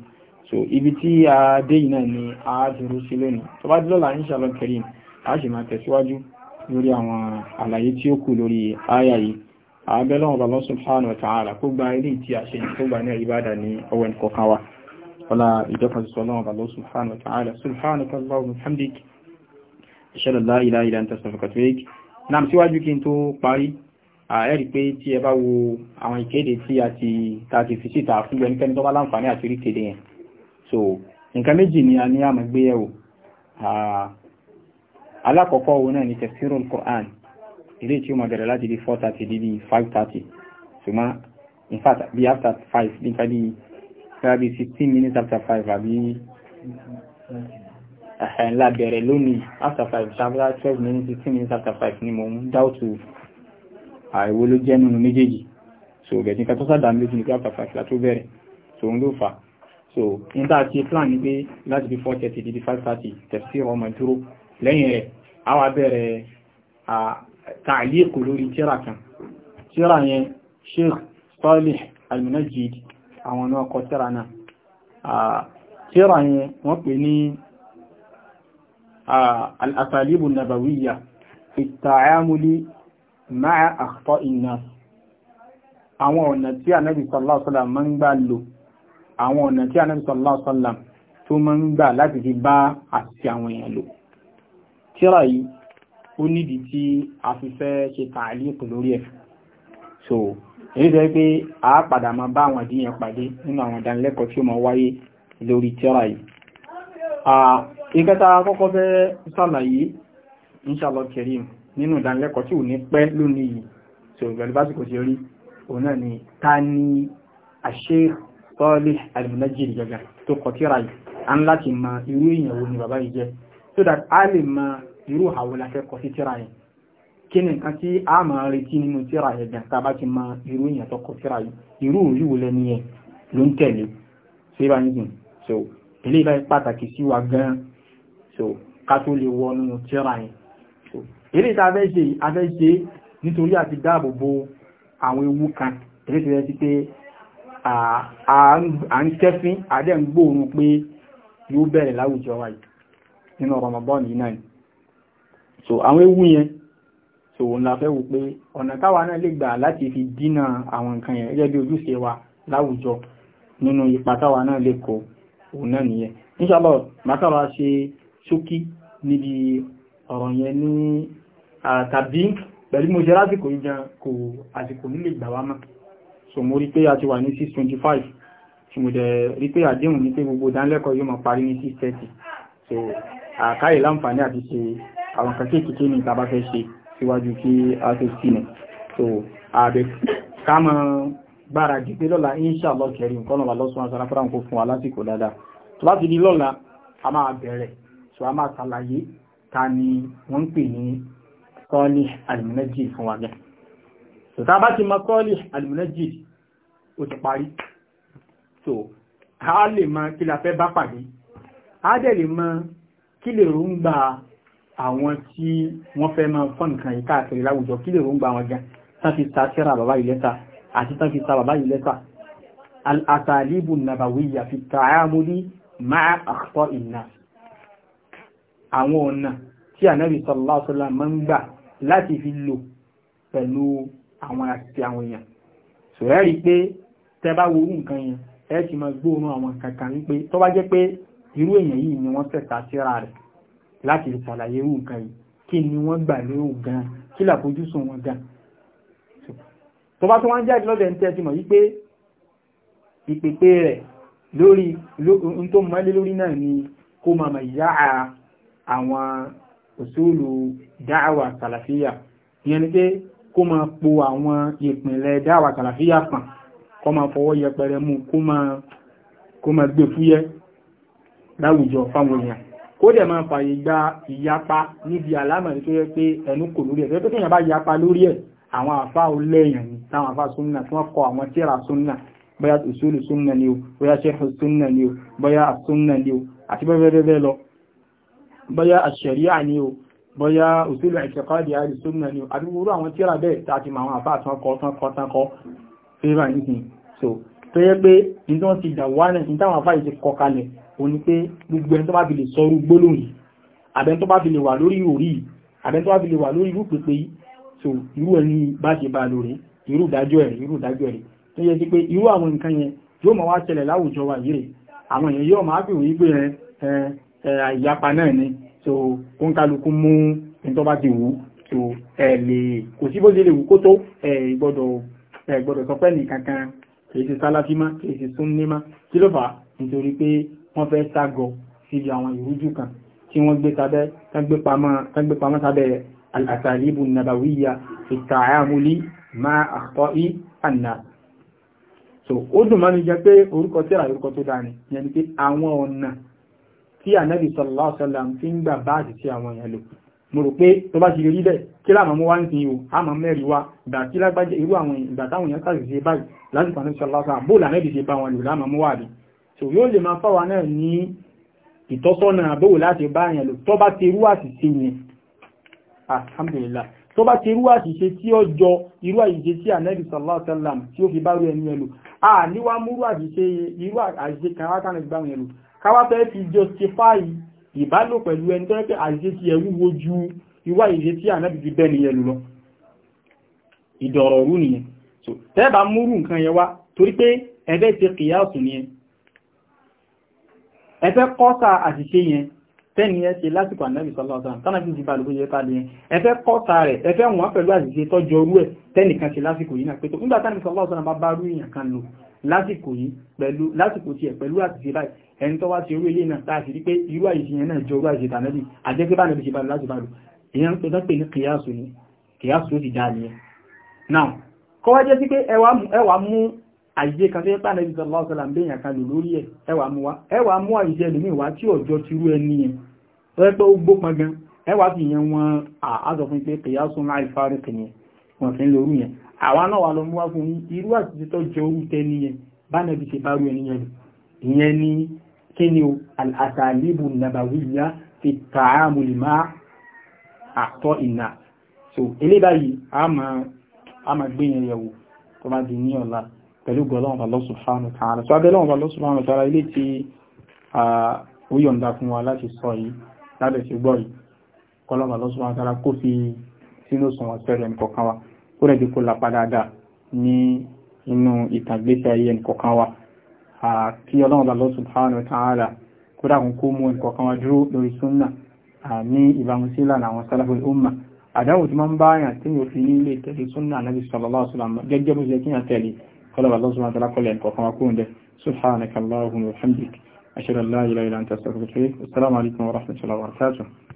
so ibi tí a dé yìí ni a dúró sí lónìí tó bá dúró là ń kẹrin a sì máa tẹ̀síwájú lórí àwọn àlàyé tí ó kù lórí àyà yìí àbẹ́lọ́wọ̀n bàbá subhanahu wa ta'ala kó gba ilé tí a ṣe tó gba ní ìbádà ní ọwọ́ ẹnìkọ̀ọ̀kan wa wọ́la ìjọkàsọ́lọ́wọ̀n bàbá subhanahu wa ta'ala subhanaka allahumma hamdik ashhadu an la ilaha illa anta astaghfiruka wa atubu ilaik náà síwájú kí n tó parí àẹ́rí pé tí ẹ bá wo àwọn ìkéde tí a ti alákọ̀ọ́kọ́ òun náà ni tafsirul Qur'an ilé tí ó máa bẹ̀rẹ̀ láti bí 4:30 di bí 5:30 ṣùgbọ́n in fact bí after 5 bí nǹkan bí bí 16 minutes after 5 àbí ńlá bẹ̀rẹ̀ lónìí after 5 ṣàbúrà 12 minutes 16 minutes after 5 ni mo ń dáòtù àìwó ló jẹ́ nínú méjèèjì so bẹ̀tí nǹkan tó sádà méjì ní pé after 5 látó bẹ̀rẹ̀ so ń ló fà so nígbà tí plan ni pé láti bí 4:30 di bí 5:30 tafsir ọmọ dúró lẹ́yìn rẹ̀ a wá bẹ̀rẹ̀ tààlíkò lórí tíra kan tíra yẹn Sheikh Salih Al-Munajjid àwọn náà kọ tíra náà tíra yẹn wọ́n pè ní al-asalibu nabawiyya fi ta'amuli ma'a akhta'in nas àwọn ọ̀nà tí ànábì sallallahu alaihi wasallam máa ń gbà lò àwọn ọ̀nà tí ànábì sallallahu tó máa ń gbà láti fi bá àti àwọn èèyàn lò tíra yìí ó nídi tí a fi fẹ́ ṣe tààlíkù lórí ẹ̀ so èyí sọ pé a padà máa bá àwọn àdíyàn pàdé nínú àwọn ìdánilẹ́kọ̀ọ́ tí ó máa wáyé lórí tíra yìí ìkẹta kọ́kọ́ fẹ́ sàlàyé inshallah kerim nínú ìdánilẹ́kọ̀ọ́ tí ò ní pẹ́ lónìí yìí so ìgbẹ̀lú básìkò ti rí òun náà ni ta ni Sheikh Salih Al-Munajjid gẹ́gẹ́ tó kọ tíra yìí a ń láti mọ irú èèyàn ni bàbá yìí jẹ́ so that a lè máa irú àwọ̀ la fẹ́ kọ sí tíra yẹn kí ni nǹkan tí a máa retí nínú tíra yẹn gan tá a bá ti mọ irú èèyàn tó kọ tíra yìí irú òrí wo lẹni yẹn ló ń tẹ̀lé ṣé bá yín sìn so eléyìí báyìí pàtàkì sí wa gan so ká tó lè wọ nínú tíra yẹn so eléyìí tá a fẹ́ ṣe a fẹ́ ṣe nítorí àti dáàbò bo àwọn ewu kan eléyìí tó yẹ sí pé à ń kẹ́fín àdẹ́ ń gbóòórùn pé yóò bẹ̀rẹ̀ láwùjọ wa yìí nínú Ramadan yìí náà so àwọn ewu yẹn so òun la fẹ́ wò pé ọ̀nà táwa náà lè gbà láti fi dínà àwọn nǹkan yẹn gẹ́gẹ́ bí ojúṣe wa láwùjọ nínú ipa táwa náà lè kó òun náà nìyẹn inshallah màkàrà ṣe ṣókí níbi ọ̀rọ̀ yẹn ní tàbí pẹ̀lú mo ṣe lásìkò ìjà kò àsìkò nílé ìgbà wá mọ́ so mo rí pé a ti wà ní 625 tí mo dẹ̀ rí pé àdéhùn ní pé gbogbo ìdánilẹ́kọ̀ọ́ yóò máa parí ní 630 so àkáyè láǹfààní àti ṣe àwọn kan kéèkéé ní ìta bá fẹ́ ṣe síwájú kí a tó sí nù so ààbẹ̀ ká mọ gbára jù pé lọ́la inṣàlọ́ kẹrin nǹkan ọ̀la lọ́sùn aṣọ aláfẹ́ra nǹkan fún wa lásìkò dáadáa so a máa ṣàlàyé ta ni wọ́n ń pè so ta bá ti mọ sọ́ọ̀lì so a lè mọ kí la fẹ́ bá pàdé lè mọ kí lè àwọn tí wọ́n fẹ́ máa fọ́n nǹkan yìí káàkiri láwùjọ kí lè róńgbà wọn gan tán fi ta sẹ́ra bàbá yìí lẹ́tà àti tán fi ta bàbá yìí lẹ́tà al-asalibu nabawiyya fi ta'amuli ma'a akhtọ inna àwọn máa ń gbà láti fi lò àwọn kankan wípé tó bá jẹ́ pé irú èèyàn yìí ni wọ́n tẹ̀ka síra rẹ̀ láti ṣàlàyé irú nǹkan yìí kí ni wọ́n gbà lérò gan kí làfojúsùn wọn gan tó bá tó wá ń jáde lọ́dẹ̀ ń tẹ́tí mọ̀ wípé ìpèpè rẹ̀ lórí ohun tó mọ́lé lórí náà ni kó máa mọ̀ ìyá àwọn òṣòlù dáàwà sàlàfíà ìyẹn ni pé kó máa po àwọn ìpìnlẹ̀ dáàwà sàlàfíà pàn kó máa fọwọ́ yẹpẹrẹ mú kó máa gbé fúyẹ́ láwùjọ fáwọn èèyàn kó dẹ̀ máa fàyè gba ìyapa níbi àlámọ̀rí tó yẹ pé ẹnu kò lórí ẹ̀ tó tẹ̀yìn bá yapa lórí ẹ̀ àwọn àfá olẹ́yìn ni táwọn àfá súnnà tí wọ́n kọ àwọn tíra súnnà bóyá ìṣúlù súnnà ni o bóyá ṣẹ́fù súnnà ni o bóyá àsúnnà ni o àti bẹ́ẹ̀bẹ́ẹ̀ lọ bóyá àṣẹ̀ríà ni o bóyá òṣèlú ìṣẹ̀kọ́dì àrí súnnà ni o àti gbogbo àwọn tíra bẹ́ẹ̀ tàbí àwọn àfá àtúnkọ́ tánkọ́ tánkọ́ fẹ́ràn nìkan so tó yẹ pé ní àfá yìí ti kọ kalẹ̀ ó ní pé gbogbo ẹni tó bá fi lè sọ irú gbólóhùn yìí àbẹ́ tó bá fi lè wà lórí orí yìí àbẹ́ tó bá fi lè wà lórí irú pépé yìí so irú ẹni bá ṣe bá lórí irú ìdájọ́ ẹ̀rí irú ìdájọ́ ẹ̀rí tó yẹ sí pé irú àwọn nǹkan yẹn yóò máa wá ṣẹlẹ̀ láwùjọ wa yìí rè àwọn èèyàn yóò máa pè wípé ìyapa náà ni so ó ń kálukú mú ní tó bá ti wù so ẹ lè kò sí bó ṣe lè wù kó tó ẹ gbọ́dọ̀ ẹ gbọ́dọ̀ sọ pé nìkankan kì í ṣe sáláfí kì í ṣe súnní kí ló fà nítorí pé wọ́n fẹ́ ságọ síbi àwọn ìrújú kan tí wọ́n gbé pamọ́ sábẹ́ al'asalibu nabawiyya fi ta'amuli ma akhta'i anna so ó dùn mọ́nu jẹ́ pé orúkọ tírà orúkọ tó dáa ni yẹn ni pé àwọn ọ̀nà tí ànábì sallallahu alaihi wasallam fi ń gbà báàdì sí àwọn èèyàn lò mo rò pé tó bá ti rí bẹ́ẹ̀ kí láàmà mú wá ń sin o a máa mẹ́rin wa ìgbà tí lágbájá so yóò lè máa fáwa náà ní ìtọ́sọ́nà àbẹ́wò láti bá àyàn lò tó bá ti rú àṣìṣe yẹn alhamdulillah tó bá ti rú àṣìṣe tí ó jọ irú àṣìṣe tí ànẹ́bì sallallahu alaihi wasallam tí ó fi bá rú ẹni ẹlò à níwá múrú àṣìṣe irú àṣìṣe kan wákàtí bá wọn ẹlò káwá fẹ́ fi justify ìbálò pẹ̀lú ẹni tó rẹ́pẹ́ àṣìṣe ti ẹ̀rú wo so tẹ́ẹ̀bà múrú nǹkan yẹn wá torí pé ẹ̀fẹ́ ti kìyàsùn ẹfẹ́ kọ́ta àṣìṣe yẹn tẹ́ni ẹ ṣe lásìkò ànábì sọlọ́sàn tánàbí ti balùwẹ̀ yẹ káàdì yẹn ẹfẹ́ kọ́ta rẹ̀ ẹfẹ́ wọn pẹ̀lú àṣìṣe tọ́jọ orú ẹ̀ tẹ́nìkan ṣe lásìkò yìí náà pé tó nígbà tánàbí sọlọ́sàn bá bá rú èèyàn kan lò lásìkò yìí pẹ̀lú lásìkò tiẹ̀ pẹ̀lú àṣìṣe báyìí ẹni tó wá ṣe orú ilé náà táà sì rí pé irú àṣìṣe yẹn náà jọ orú àṣìṣe tànábì àjẹpẹ́ bá nàbì ṣe balùwẹ̀ láti balù èèyàn tó tán pè ní kìyàsù ni kìyàsù ó ti dá nìyẹn. now kọ́wájẹ́ sí pé ẹwà mú àyè kan tó yẹ pàdé ìsọ lọ́sọ̀lá ń bèèyàn kan lò lórí ẹ̀ ẹwà mú wa ẹwà mú àìṣẹ́ ẹlùmí wá tí ọjọ́ ti rú ẹni yẹn tó yẹ pé ó gbó pọn gan ẹwà fi yẹn wọn àádọ́ fún pé kìyà sún láì fárí kìíní wọn fi ni so eléyìí báyìí a máa gbé yẹn yẹ̀wò tó ọ̀la pẹ̀lú gọ́lọ́wọ́n Allah subhanahu wa ta'ala so abẹ́lọ́wọ́n Allah subhanahu wa ta'ala ilé tí ó yọ̀nda fún wa láti sọ yìí lábẹ̀ sí gbọ́ yìí gọ́lọ́wọ́n Allah subhanahu wa ta'ala kó fi sínú sọ̀wọ́n sẹ́rẹ̀ nìkọ̀kan wa ó rẹ̀ dípò lápá dáadáa ní inú ìtàgbésí ayé nìkọ̀kan wa kí ọlọ́wọ́n Allah subhanahu wa ta'ala kó dákun kó mú nìkọ̀kan wa قلب الله سبحانه وتعالى قل لك وقم أكون ده سبحانك اللهم وحمدك أشهد أن لا إله إلا أنت أستغفرك السلام عليكم ورحمة الله وبركاته